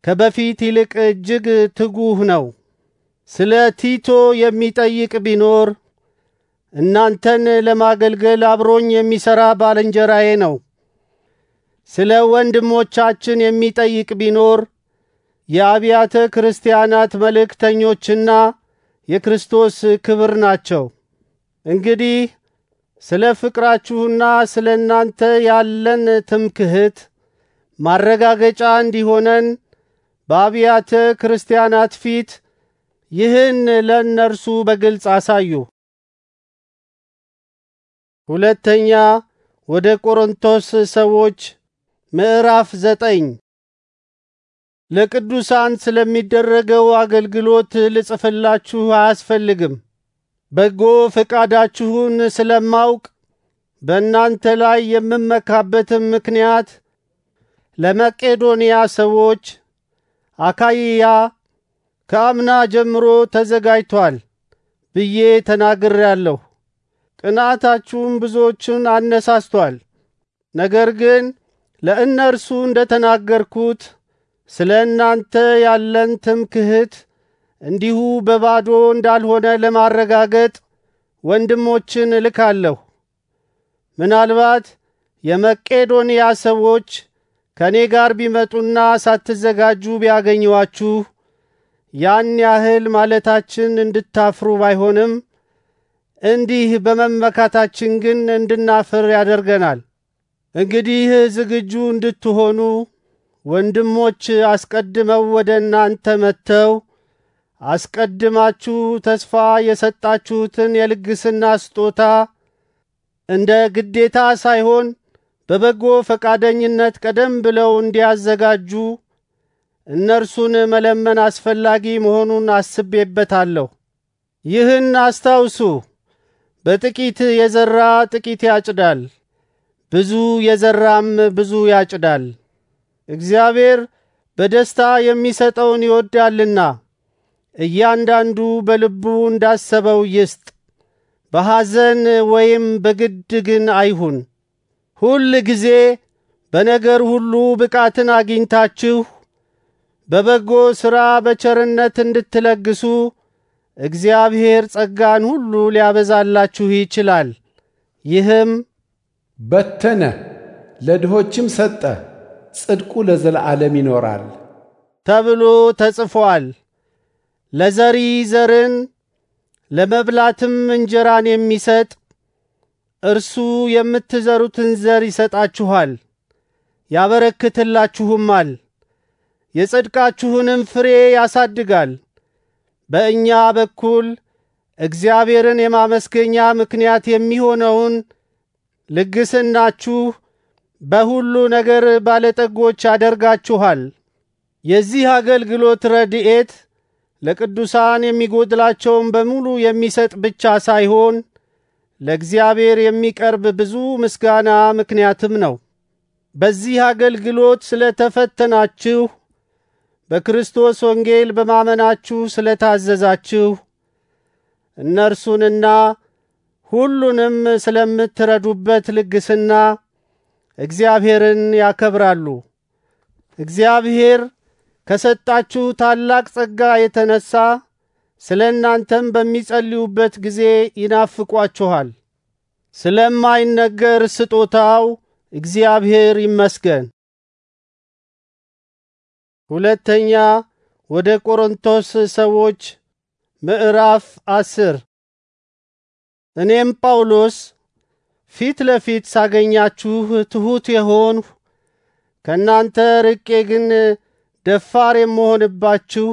ከበፊት ይልቅ እጅግ ትጉህ ነው። ስለ ቲቶ የሚጠይቅ ቢኖር እናንተን ለማገልገል አብሮኝ የሚሰራ ባልንጀራዬ ነው። ስለ ወንድሞቻችን የሚጠይቅ ቢኖር የአብያተ ክርስቲያናት መልእክተኞችና የክርስቶስ ክብር ናቸው። እንግዲህ ስለ ፍቅራችሁና ስለ እናንተ ያለን ትምክህት ማረጋገጫ እንዲሆነን በአብያተ ክርስቲያናት ፊት ይህን ለእነርሱ በግልጽ አሳዩ። ሁለተኛ ወደ ቆሮንቶስ ሰዎች ምዕራፍ ዘጠኝ ለቅዱሳን ስለሚደረገው አገልግሎት ልጽፍላችሁ አያስፈልግም። በጎ ፈቃዳችሁን ስለማውቅ በእናንተ ላይ የምመካበትም ምክንያት ለመቄዶንያ ሰዎች አካይያ ከአምና ጀምሮ ተዘጋጅቷል ብዬ ያለሁ ቅናታችሁም ብዙዎችን አነሳስቷል። ነገር ግን ለእነርሱ እንደተናገርኩት ስለ እናንተ ያለን ትምክህት እንዲሁ በባዶ እንዳልሆነ ለማረጋገጥ ወንድሞችን እልካለሁ። ምናልባት የመቄዶንያ ሰዎች ከኔ ጋር ቢመጡና ሳትዘጋጁ ቢያገኘዋችሁ ያን ያህል ማለታችን እንድታፍሩ ባይሆንም እንዲህ በመመካታችን ግን እንድናፍር ያደርገናል። እንግዲህ ዝግጁ እንድትሆኑ ወንድሞች አስቀድመው ወደ እናንተ መጥተው አስቀድማችሁ ተስፋ የሰጣችሁትን የልግስና ስጦታ እንደ ግዴታ ሳይሆን በበጎ ፈቃደኝነት ቀደም ብለው እንዲያዘጋጁ እነርሱን መለመን አስፈላጊ መሆኑን አስቤበታለሁ። ይህን አስታውሱ። በጥቂት የዘራ ጥቂት ያጭዳል፣ ብዙ የዘራም ብዙ ያጭዳል። እግዚአብሔር በደስታ የሚሰጠውን ይወዳልና። እያንዳንዱ በልቡ እንዳሰበው ይስጥ፣ በሐዘን ወይም በግድ ግን አይሁን። ሁል ጊዜ በነገር ሁሉ ብቃትን አግኝታችሁ በበጎ ሥራ በቸርነት እንድትለግሱ እግዚአብሔር ጸጋን ሁሉ ሊያበዛላችሁ ይችላል። ይህም በተነ፣ ለድሆችም ሰጠ፣ ጽድቁ ለዘለዓለም ይኖራል ተብሎ ተጽፏል። ለዘሪ ዘርን ለመብላትም እንጀራን የሚሰጥ እርሱ የምትዘሩትን ዘር ይሰጣችኋል፣ ያበረክትላችሁማል፣ የጽድቃችሁንም ፍሬ ያሳድጋል። በእኛ በኩል እግዚአብሔርን የማመስገኛ ምክንያት የሚሆነውን ልግስናችሁ በሁሉ ነገር ባለጠጎች ያደርጋችኋል። የዚህ አገልግሎት ረድኤት ለቅዱሳን የሚጎድላቸውን በሙሉ የሚሰጥ ብቻ ሳይሆን ለእግዚአብሔር የሚቀርብ ብዙ ምስጋና ምክንያትም ነው። በዚህ አገልግሎት ስለ ተፈተናችሁ፣ በክርስቶስ ወንጌል በማመናችሁ ስለ ታዘዛችሁ፣ እነርሱንና ሁሉንም ስለምትረዱበት ልግስና እግዚአብሔርን ያከብራሉ። እግዚአብሔር ከሰጣችሁ ታላቅ ጸጋ የተነሳ ስለ እናንተም በሚጸልዩበት ጊዜ ይናፍቋችኋል። ስለማይነገር ስጦታው እግዚአብሔር ይመስገን። ሁለተኛ ወደ ቆሮንቶስ ሰዎች ምዕራፍ አስር እኔም ጳውሎስ ፊት ለፊት ሳገኛችሁ ትሑት የሆንሁ ከእናንተ ርቄ ግን ደፋር የምሆንባችሁ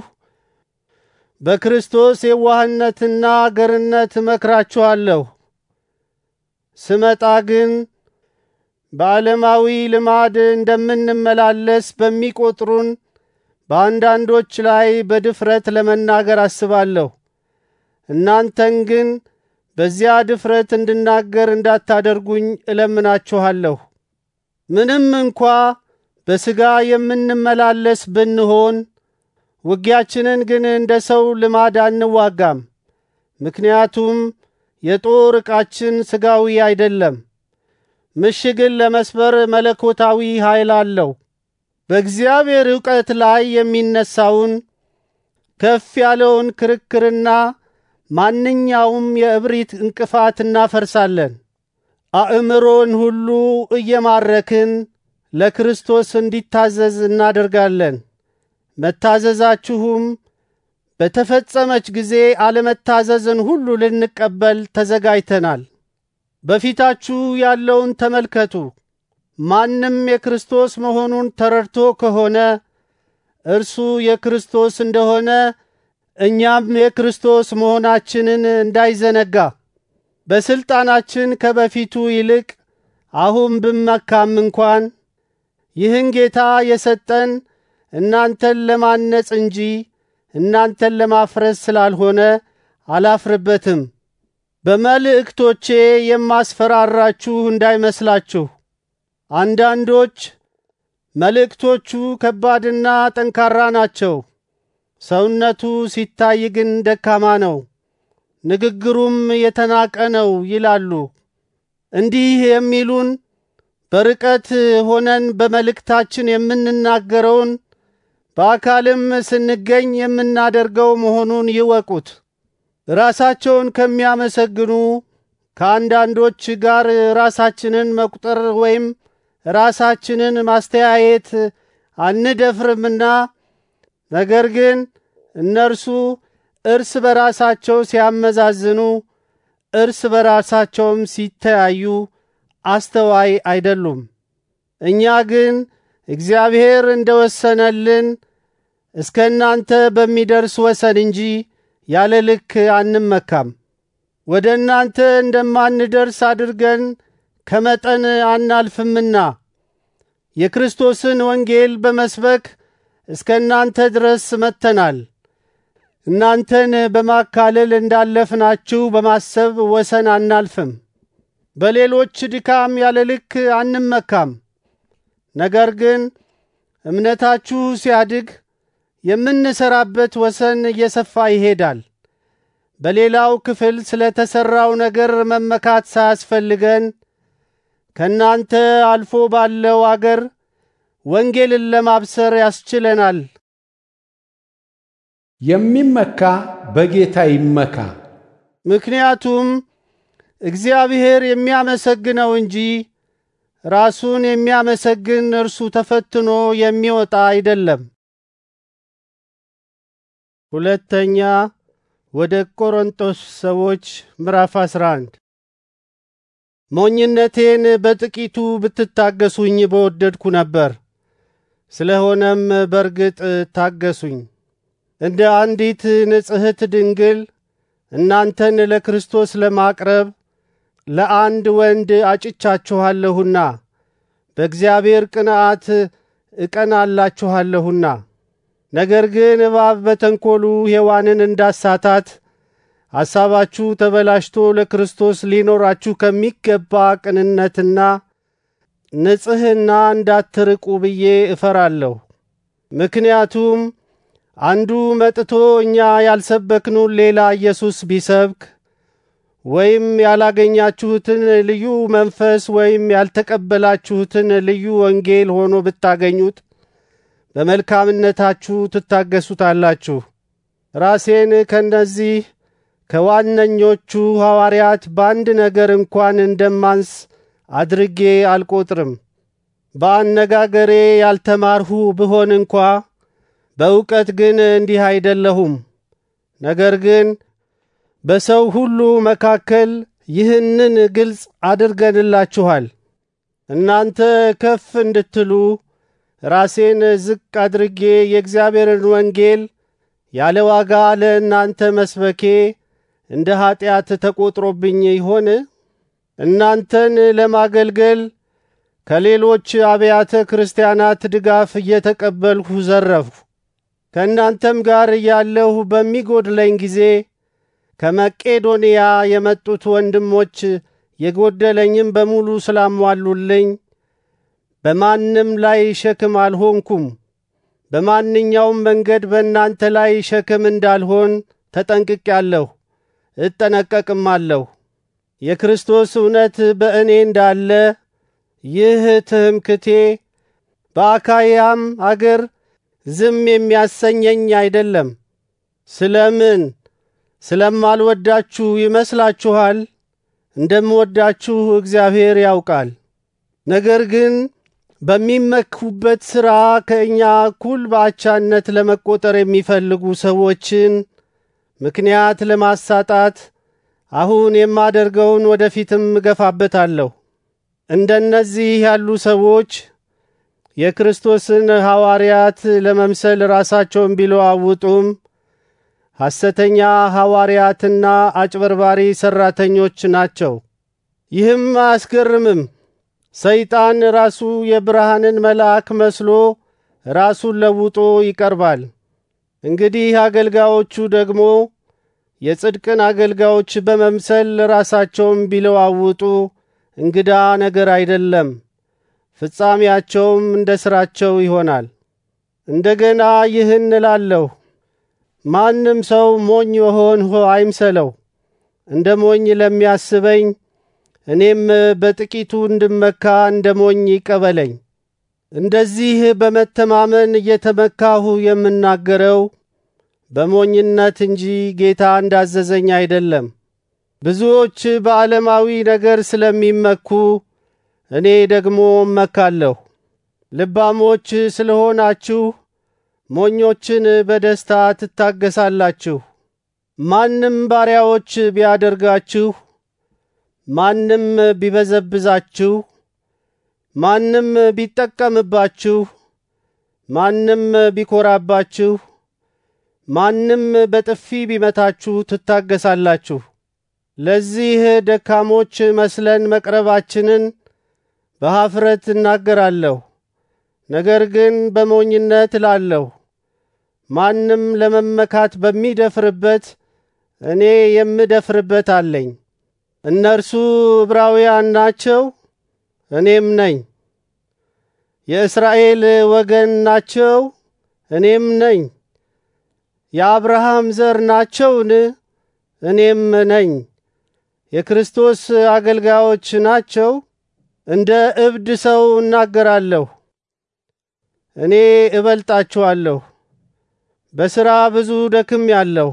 በክርስቶስ የዋህነትና አገርነት እመክራችኋለሁ። ስመጣ ግን በዓለማዊ ልማድ እንደምንመላለስ በሚቆጥሩን በአንዳንዶች ላይ በድፍረት ለመናገር አስባለሁ። እናንተን ግን በዚያ ድፍረት እንድናገር እንዳታደርጉኝ እለምናችኋለሁ። ምንም እንኳ በስጋ የምንመላለስ ብንሆን ውጊያችንን ግን እንደ ሰው ልማድ አንዋጋም። ምክንያቱም የጦር ዕቃችን ሥጋዊ አይደለም፣ ምሽግን ለመስበር መለኮታዊ ኃይል አለው። በእግዚአብሔር ዕውቀት ላይ የሚነሳውን ከፍ ያለውን ክርክርና ማንኛውም የእብሪት እንቅፋት እናፈርሳለን። አእምሮን ሁሉ እየማረክን ለክርስቶስ እንዲታዘዝ እናደርጋለን። መታዘዛችሁም በተፈጸመች ጊዜ አለመታዘዝን ሁሉ ልንቀበል ተዘጋጅተናል። በፊታችሁ ያለውን ተመልከቱ። ማንም የክርስቶስ መሆኑን ተረድቶ ከሆነ እርሱ የክርስቶስ እንደሆነ እኛም የክርስቶስ መሆናችንን እንዳይዘነጋ በስልጣናችን ከበፊቱ ይልቅ አሁን ብመካም እንኳን ይህን ጌታ የሰጠን እናንተን ለማነጽ እንጂ እናንተን ለማፍረስ ስላልሆነ አላፍርበትም። በመልእክቶቼ የማስፈራራችሁ እንዳይመስላችሁ። አንዳንዶች መልእክቶቹ ከባድና ጠንካራ ናቸው፣ ሰውነቱ ሲታይ ግን ደካማ ነው፣ ንግግሩም የተናቀ ነው ይላሉ። እንዲህ የሚሉን በርቀት ሆነን በመልእክታችን የምንናገረውን በአካልም ስንገኝ የምናደርገው መሆኑን ይወቁት። ራሳቸውን ከሚያመሰግኑ ከአንዳንዶች ጋር ራሳችንን መቁጠር ወይም ራሳችንን ማስተያየት አንደፍርምና፣ ነገር ግን እነርሱ እርስ በራሳቸው ሲያመዛዝኑ እርስ በራሳቸውም ሲተያዩ አስተዋይ አይደሉም። እኛ ግን እግዚአብሔር እንደ ወሰነልን እስከ እናንተ በሚደርስ ወሰን እንጂ ያለ ልክ አንመካም። ወደ እናንተ እንደማንደርስ አድርገን ከመጠን አናልፍምና የክርስቶስን ወንጌል በመስበክ እስከ እናንተ ድረስ መጥተናል። እናንተን በማካለል እንዳለፍናችሁ በማሰብ ወሰን አናልፍም። በሌሎች ድካም ያለ ልክ አንመካም። ነገር ግን እምነታችሁ ሲያድግ የምንሰራበት ወሰን እየሰፋ ይሄዳል። በሌላው ክፍል ስለ ተሰራው ነገር መመካት ሳያስፈልገን ከናንተ አልፎ ባለው አገር ወንጌልን ለማብሰር ያስችለናል። የሚመካ በጌታ ይመካ። ምክንያቱም እግዚአብሔር የሚያመሰግነው እንጂ ራሱን የሚያመሰግን እርሱ ተፈትኖ የሚወጣ አይደለም። ሁለተኛ ወደ ቆሮንቶስ ሰዎች ምዕራፍ 11 ሞኝነቴን በጥቂቱ ብትታገሱኝ በወደድኩ ነበር። ስለሆነም በርግጥ ታገሱኝ። እንደ አንዲት ንጽሕት ድንግል እናንተን ለክርስቶስ ለማቅረብ ለአንድ ወንድ አጭቻችኋለሁና በእግዚአብሔር ቅንዓት እቀናላችኋለሁና። ነገር ግን እባብ በተንኰሉ ሔዋንን እንዳሳታት ሐሳባችሁ ተበላሽቶ ለክርስቶስ ሊኖራችሁ ከሚገባ ቅንነትና ንጽሕና እንዳትርቁ ብዬ እፈራለሁ። ምክንያቱም አንዱ መጥቶ እኛ ያልሰበክኑ ሌላ ኢየሱስ ቢሰብክ ወይም ያላገኛችሁትን ልዩ መንፈስ ወይም ያልተቀበላችሁትን ልዩ ወንጌል ሆኖ ብታገኙት በመልካምነታችሁ ትታገሱታላችሁ። ራሴን ከእነዚህ ከዋነኞቹ ሐዋርያት በአንድ ነገር እንኳን እንደማንስ አድርጌ አልቆጥርም። በአነጋገሬ ያልተማርሁ ብሆን እንኳ በእውቀት ግን እንዲህ አይደለሁም። ነገር ግን በሰው ሁሉ መካከል ይህንን ግልጽ አድርገንላችኋል። እናንተ ከፍ እንድትሉ ራሴን ዝቅ አድርጌ የእግዚአብሔርን ወንጌል ያለ ዋጋ ለእናንተ መስበኬ እንደ ኀጢአት ተቆጥሮብኝ ይሆን? እናንተን ለማገልገል ከሌሎች አብያተ ክርስቲያናት ድጋፍ እየተቀበልሁ ዘረፍሁ። ከእናንተም ጋር ያለሁ በሚጎድለኝ ጊዜ ከመቄዶንያ የመጡት ወንድሞች የጎደለኝም በሙሉ ስላሟሉልኝ በማንም ላይ ሸክም አልሆንኩም። በማንኛውም መንገድ በእናንተ ላይ ሸክም እንዳልሆን ተጠንቅቄአለሁ፣ እጠነቀቅማለሁ። የክርስቶስ እውነት በእኔ እንዳለ ይህ ትምክቴ በአካያም አገር ዝም የሚያሰኘኝ አይደለም። ስለምን ስለማልወዳችሁ ይመስላችኋል? እንደምወዳችሁ እግዚአብሔር ያውቃል። ነገር ግን በሚመኩበት ሥራ ከእኛ እኩል በአቻነት ለመቆጠር የሚፈልጉ ሰዎችን ምክንያት ለማሳጣት አሁን የማደርገውን ወደፊትም እገፋበታለሁ። እንደነዚህ ያሉ ሰዎች የክርስቶስን ሐዋርያት ለመምሰል ራሳቸውን ቢለዋውጡም ሐሰተኛ ሐዋርያትና አጭበርባሪ ሰራተኞች ናቸው። ይህም አያስገርምም። ሰይጣን ራሱ የብርሃንን መልአክ መስሎ ራሱን ለውጦ ይቀርባል። እንግዲህ አገልጋዮቹ ደግሞ የጽድቅን አገልጋዮች በመምሰል ራሳቸውን ቢለዋውጡ እንግዳ ነገር አይደለም። ፍጻሜያቸውም እንደ ሥራቸው ይሆናል። እንደገና ይህን እላለሁ ማንም ሰው ሞኝ የሆንሁ አይምሰለው። እንደ ሞኝ ለሚያስበኝ እኔም በጥቂቱ እንድመካ እንደ ሞኝ ይቀበለኝ። እንደዚህ በመተማመን እየተመካሁ የምናገረው በሞኝነት እንጂ ጌታ እንዳዘዘኝ አይደለም። ብዙዎች በዓለማዊ ነገር ስለሚመኩ እኔ ደግሞ እመካለሁ። ልባሞች ስለሆናችሁ ሞኞችን በደስታ ትታገሳላችሁ። ማንም ባሪያዎች ቢያደርጋችሁ፣ ማንም ቢበዘብዛችሁ፣ ማንም ቢጠቀምባችሁ፣ ማንም ቢኮራባችሁ፣ ማንም በጥፊ ቢመታችሁ ትታገሳላችሁ። ለዚህ ደካሞች መስለን መቅረባችንን በሀፍረት እናገራለሁ፣ ነገር ግን በሞኝነት እላለሁ። ማንም ለመመካት በሚደፍርበት እኔ የምደፍርበት አለኝ። እነርሱ ዕብራውያን ናቸው፣ እኔም ነኝ። የእስራኤል ወገን ናቸው፣ እኔም ነኝ። የአብርሃም ዘር ናቸውን፣ እኔም ነኝ። የክርስቶስ አገልጋዮች ናቸው፣ እንደ እብድ ሰው እናገራለሁ። እኔ እበልጣችኋለሁ በሥራ ብዙ ደክም ያለሁ፣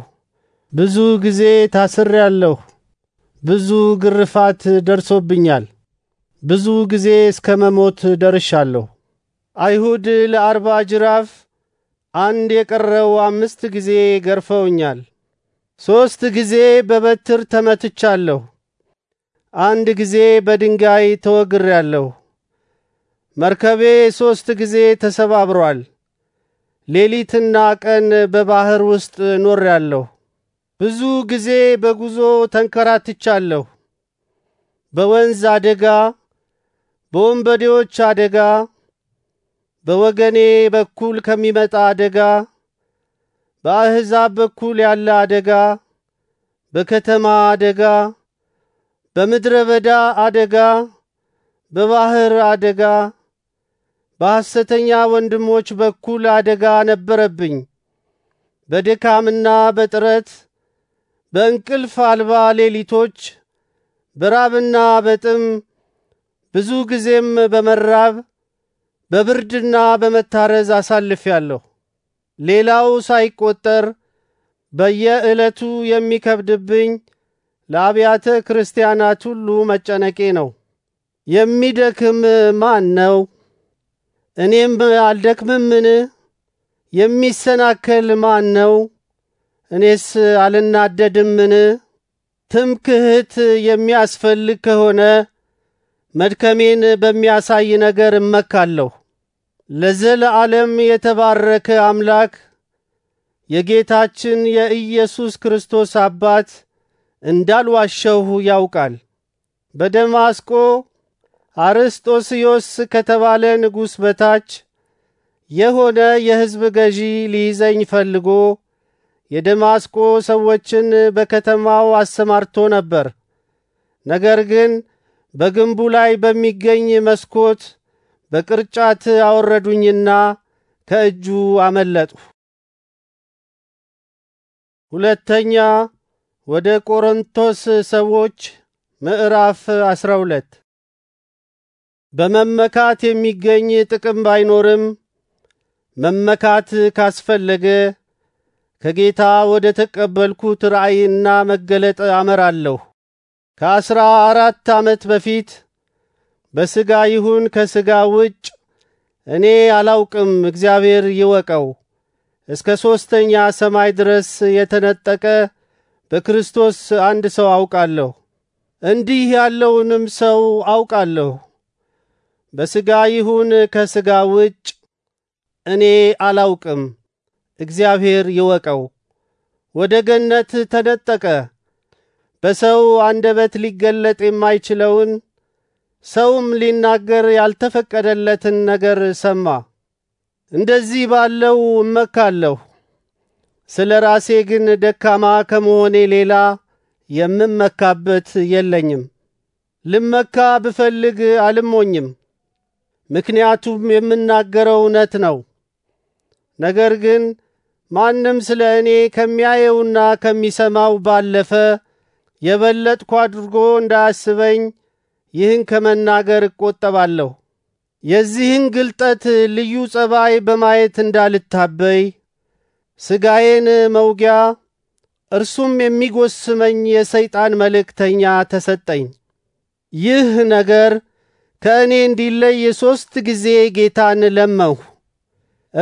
ብዙ ጊዜ ታስር ያለሁ፣ ብዙ ግርፋት ደርሶብኛል፣ ብዙ ጊዜ እስከ መሞት ደርሻለሁ። አይሁድ ለአርባ ጅራፍ አንድ የቀረው አምስት ጊዜ ገርፈውኛል። ሦስት ጊዜ በበትር ተመትቻለሁ። አንድ ጊዜ በድንጋይ ያለሁ መርከቤ ሶስት ጊዜ ተሰባብሯል። ሌሊትና ቀን በባህር ውስጥ ኖሬአለሁ። ብዙ ጊዜ በጉዞ ተንከራትቻለሁ። በወንዝ አደጋ፣ በወንበዴዎች አደጋ፣ በወገኔ በኩል ከሚመጣ አደጋ፣ በአሕዛብ በኩል ያለ አደጋ፣ በከተማ አደጋ፣ በምድረ በዳ አደጋ፣ በባህር አደጋ በሐሰተኛ ወንድሞች በኩል አደጋ ነበረብኝ። በድካምና በጥረት በእንቅልፍ አልባ ሌሊቶች በራብና በጥም ብዙ ጊዜም በመራብ በብርድና በመታረዝ አሳልፊያለሁ። ሌላው ሳይቆጠር በየዕለቱ የሚከብድብኝ ለአብያተ ክርስቲያናት ሁሉ መጨነቄ ነው። የሚደክም ማን ነው? እኔም አልደክምምን? የሚሰናከል ማን ነው? እኔስ አልናደድምን? ትምክህት የሚያስፈልግ ከሆነ መድከሜን በሚያሳይ ነገር እመካለሁ። ለዘለዓለም የተባረከ አምላክ የጌታችን የኢየሱስ ክርስቶስ አባት እንዳልዋሸሁ ያውቃል። በደማስቆ አርስጦስዮስ ከተባለ ንጉሥ በታች የሆነ የሕዝብ ገዢ ሊይዘኝ ፈልጎ የደማስቆ ሰዎችን በከተማው አሰማርቶ ነበር። ነገር ግን በግንቡ ላይ በሚገኝ መስኮት በቅርጫት አወረዱኝና ከእጁ አመለጥሁ። ሁለተኛ ወደ ቆሮንቶስ ሰዎች ምዕራፍ አስራ ሁለት በመመካት የሚገኝ ጥቅም ባይኖርም መመካት ካስፈለገ ከጌታ ወደ ተቀበልኩት ራእይና መገለጥ አመራለሁ። ከአስራ አራት ዓመት በፊት በስጋ ይሁን ከስጋ ውጭ እኔ አላውቅም፣ እግዚአብሔር ይወቀው እስከ ሶስተኛ ሰማይ ድረስ የተነጠቀ በክርስቶስ አንድ ሰው አውቃለሁ። እንዲህ ያለውንም ሰው አውቃለሁ በስጋ ይሁን ከስጋ ውጭ እኔ አላውቅም፣ እግዚአብሔር ይወቀው። ወደ ገነት ተነጠቀ። በሰው አንደበት ሊገለጥ የማይችለውን ሰውም ሊናገር ያልተፈቀደለትን ነገር ሰማ። እንደዚህ ባለው እመካለሁ። ስለ ራሴ ግን ደካማ ከመሆኔ ሌላ የምመካበት የለኝም። ልመካ ብፈልግ አልሞኝም። ምክንያቱም የምናገረው እውነት ነው። ነገር ግን ማንም ስለ እኔ ከሚያየውና ከሚሰማው ባለፈ የበለጥኩ አድርጎ እንዳያስበኝ ይህን ከመናገር እቆጠባለሁ። የዚህን ግልጠት ልዩ ጸባይ በማየት እንዳልታበይ ሥጋዬን መውጊያ እርሱም የሚጎስመኝ የሰይጣን መልእክተኛ ተሰጠኝ። ይህ ነገር ከእኔ እንዲለይ ሶስት ጊዜ ጌታን ለመሁ።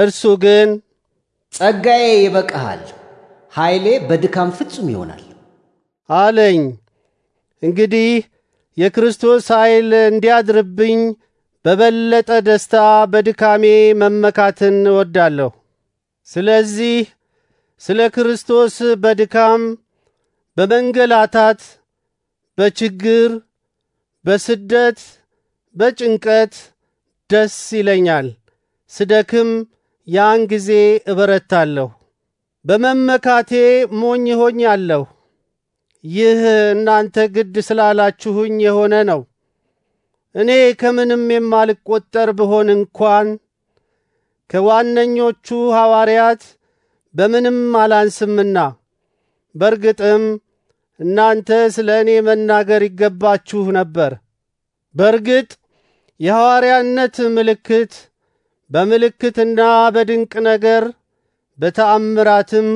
እርሱ ግን ጸጋዬ ይበቃሃል፣ ኃይሌ በድካም ፍጹም ይሆናል አለኝ። እንግዲህ የክርስቶስ ኃይል እንዲያድርብኝ በበለጠ ደስታ በድካሜ መመካትን እወዳለሁ። ስለዚህ ስለ ክርስቶስ በድካም በመንገላታት፣ በችግር፣ በስደት በጭንቀት ደስ ይለኛል፣ ስደክም ያን ጊዜ እበረታለሁ። በመመካቴ ሞኝ ሆኛለሁ። ይህ እናንተ ግድ ስላላችሁኝ የሆነ ነው። እኔ ከምንም የማልቆጠር ብሆን እንኳን ከዋነኞቹ ሐዋርያት በምንም አላንስምና፣ በርግጥም እናንተ ስለ እኔ መናገር ይገባችሁ ነበር። በእርግጥ የሐዋርያነት ምልክት በምልክትና በድንቅ ነገር በተአምራትም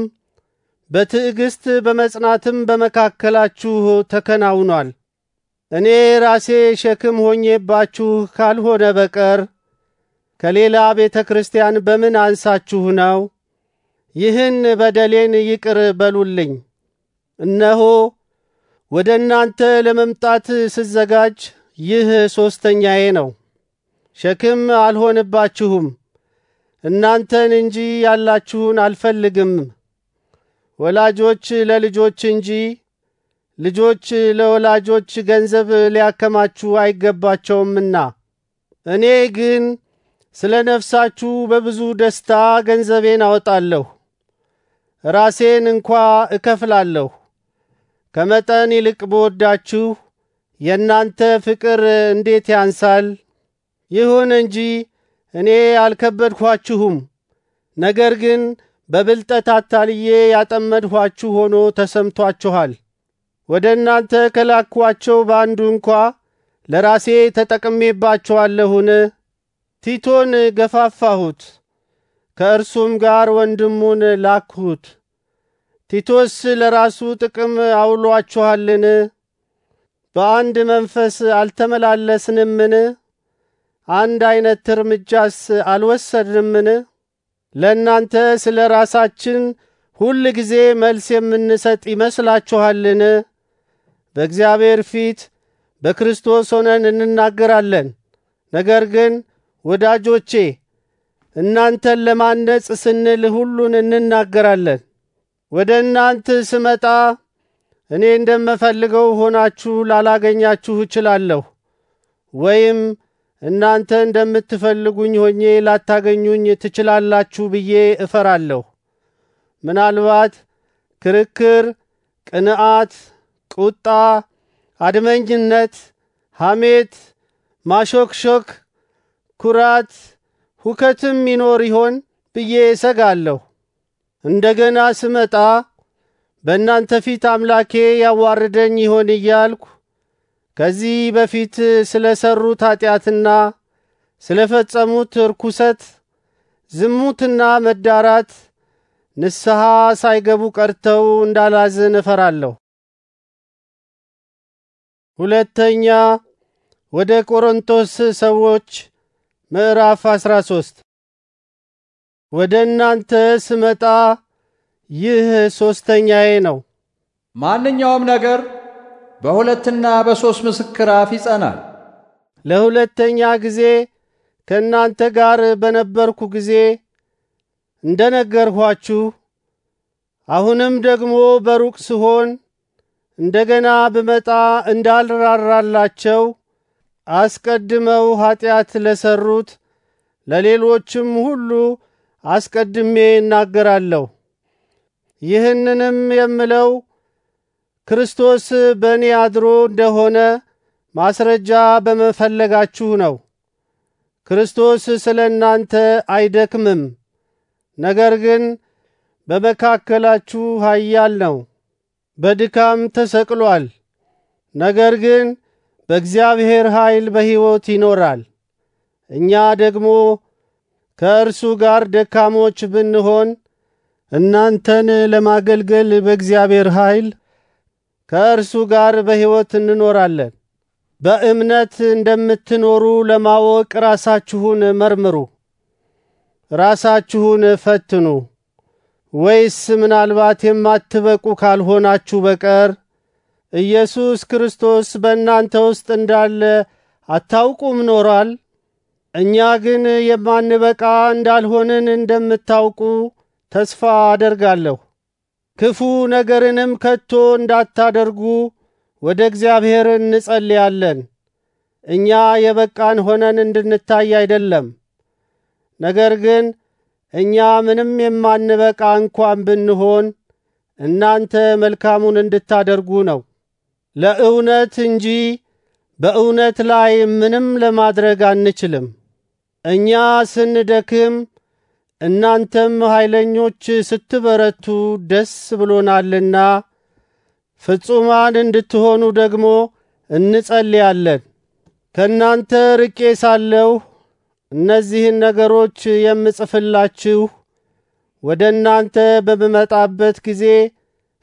በትዕግስት በመጽናትም በመካከላችሁ ተከናውኗል። እኔ ራሴ ሸክም ሆኜባችሁ ካልሆነ በቀር ከሌላ ቤተ ክርስቲያን በምን አንሳችሁ ነው? ይህን በደሌን ይቅር በሉልኝ። እነሆ ወደ እናንተ ለመምጣት ስዘጋጅ ይህ ሶስተኛዬ ነው። ሸክም አልሆንባችሁም፣ እናንተን እንጂ ያላችሁን አልፈልግም። ወላጆች ለልጆች እንጂ ልጆች ለወላጆች ገንዘብ ሊያከማችሁ አይገባቸውምና፣ እኔ ግን ስለ ነፍሳችሁ በብዙ ደስታ ገንዘቤን አወጣለሁ፣ ራሴን እንኳ እከፍላለሁ። ከመጠን ይልቅ በወዳችሁ የእናንተ ፍቅር እንዴት ያንሳል! ይሁን እንጂ እኔ አልከበድኳችሁም ነገር ግን በብልጠት አታልዬ ያጠመድኋችሁ ሆኖ ተሰምቷችኋል። ወደ እናንተ ከላኳቸው በአንዱ እንኳ ለራሴ ተጠቅሜባችኋለሁን? ቲቶን ገፋፋሁት፣ ከእርሱም ጋር ወንድሙን ላክሁት። ቲቶስ ለራሱ ጥቅም አውሏችኋልን? በአንድ መንፈስ አልተመላለስንምን? አንድ አይነት እርምጃስ አልወሰድንምን? ለእናንተ ስለ ራሳችን ሁል ጊዜ መልስ የምንሰጥ ይመስላችኋልን? በእግዚአብሔር ፊት በክርስቶስ ሆነን እንናገራለን። ነገር ግን ወዳጆቼ እናንተን ለማነጽ ስንል ሁሉን እንናገራለን። ወደ እናንተ ስመጣ እኔ እንደምፈልገው ሆናችሁ ላላገኛችሁ እችላለሁ፣ ወይም እናንተ እንደምትፈልጉኝ ሆኜ ላታገኙኝ ትችላላችሁ ብዬ እፈራለሁ። ምናልባት ክርክር፣ ቅንዓት፣ ቁጣ፣ አድመኝነት፣ ሐሜት፣ ማሾክሾክ፣ ኩራት፣ ሁከትም ይኖር ይሆን ብዬ እሰጋለሁ። እንደገና ስመጣ በእናንተ ፊት አምላኬ ያዋርደኝ ይሆን እያልኩ ከዚህ በፊት ስለ ሰሩት ኃጢአትና ስለ ፈጸሙት ርኩሰት፣ ዝሙትና መዳራት ንስሐ ሳይገቡ ቀርተው እንዳላዝን እፈራለሁ። ሁለተኛ ወደ ቆሮንቶስ ሰዎች ምዕራፍ አስራ ሶስት ወደ እናንተ ስመጣ ይህ ሶስተኛዬ ነው። ማንኛውም ነገር በሁለትና በሶስት ምስክር አፍ ይጸናል። ለሁለተኛ ጊዜ ከእናንተ ጋር በነበርኩ ጊዜ እንደ ነገርኋችሁ፣ አሁንም ደግሞ በሩቅ ስሆን እንደገና ብመጣ እንዳልራራላቸው አስቀድመው ኀጢአት ለሰሩት ለሌሎችም ሁሉ አስቀድሜ እናገራለሁ። ይህንንም የምለው ክርስቶስ በእኔ አድሮ እንደሆነ ማስረጃ በመፈለጋችሁ ነው። ክርስቶስ ስለ እናንተ አይደክምም፣ ነገር ግን በመካከላችሁ ኃያል ነው። በድካም ተሰቅሏል፣ ነገር ግን በእግዚአብሔር ኃይል በሕይወት ይኖራል። እኛ ደግሞ ከእርሱ ጋር ደካሞች ብንሆን እናንተን ለማገልገል በእግዚአብሔር ኃይል ከእርሱ ጋር በሕይወት እንኖራለን። በእምነት እንደምትኖሩ ለማወቅ ራሳችሁን መርምሩ፣ ራሳችሁን ፈትኑ። ወይስ ምናልባት የማትበቁ ካልሆናችሁ በቀር ኢየሱስ ክርስቶስ በእናንተ ውስጥ እንዳለ አታውቁም ኖሯል። እኛ ግን የማንበቃ እንዳልሆንን እንደምታውቁ ተስፋ አደርጋለሁ። ክፉ ነገርንም ከቶ እንዳታደርጉ ወደ እግዚአብሔር እንጸልያለን። እኛ የበቃን ሆነን እንድንታይ አይደለም። ነገር ግን እኛ ምንም የማንበቃ እንኳን ብንሆን እናንተ መልካሙን እንድታደርጉ ነው። ለእውነት እንጂ በእውነት ላይ ምንም ለማድረግ አንችልም። እኛ ስንደክም እናንተም ኃይለኞች ስትበረቱ ደስ ብሎናልና ፍጹማን እንድትሆኑ ደግሞ እንጸልያለን። ከእናንተ ርቄ ሳለሁ እነዚህን ነገሮች የምጽፍላችሁ ወደ እናንተ በምመጣበት ጊዜ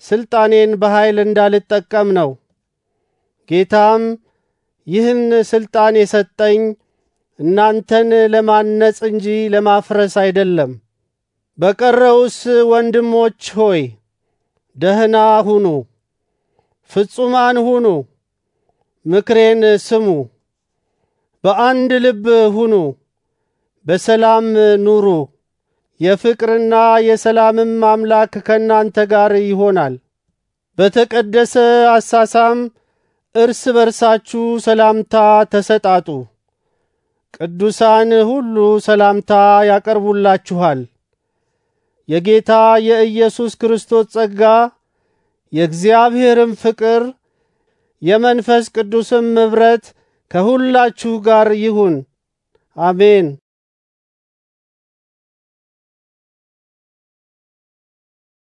ስልጣኔን በኃይል እንዳልጠቀም ነው። ጌታም ይህን ስልጣን የሰጠኝ እናንተን ለማነጽ እንጂ ለማፍረስ አይደለም። በቀረውስ ወንድሞች ሆይ ደህና ሁኑ፣ ፍጹማን ሁኑ፣ ምክሬን ስሙ፣ በአንድ ልብ ሁኑ፣ በሰላም ኑሩ። የፍቅርና የሰላምም አምላክ ከእናንተ ጋር ይሆናል። በተቀደሰ አሳሳም እርስ በርሳችሁ ሰላምታ ተሰጣጡ። ቅዱሳን ሁሉ ሰላምታ ያቀርቡላችኋል። የጌታ የኢየሱስ ክርስቶስ ጸጋ የእግዚአብሔርም ፍቅር የመንፈስ ቅዱስም ኅብረት ከሁላችሁ ጋር ይሁን። አሜን።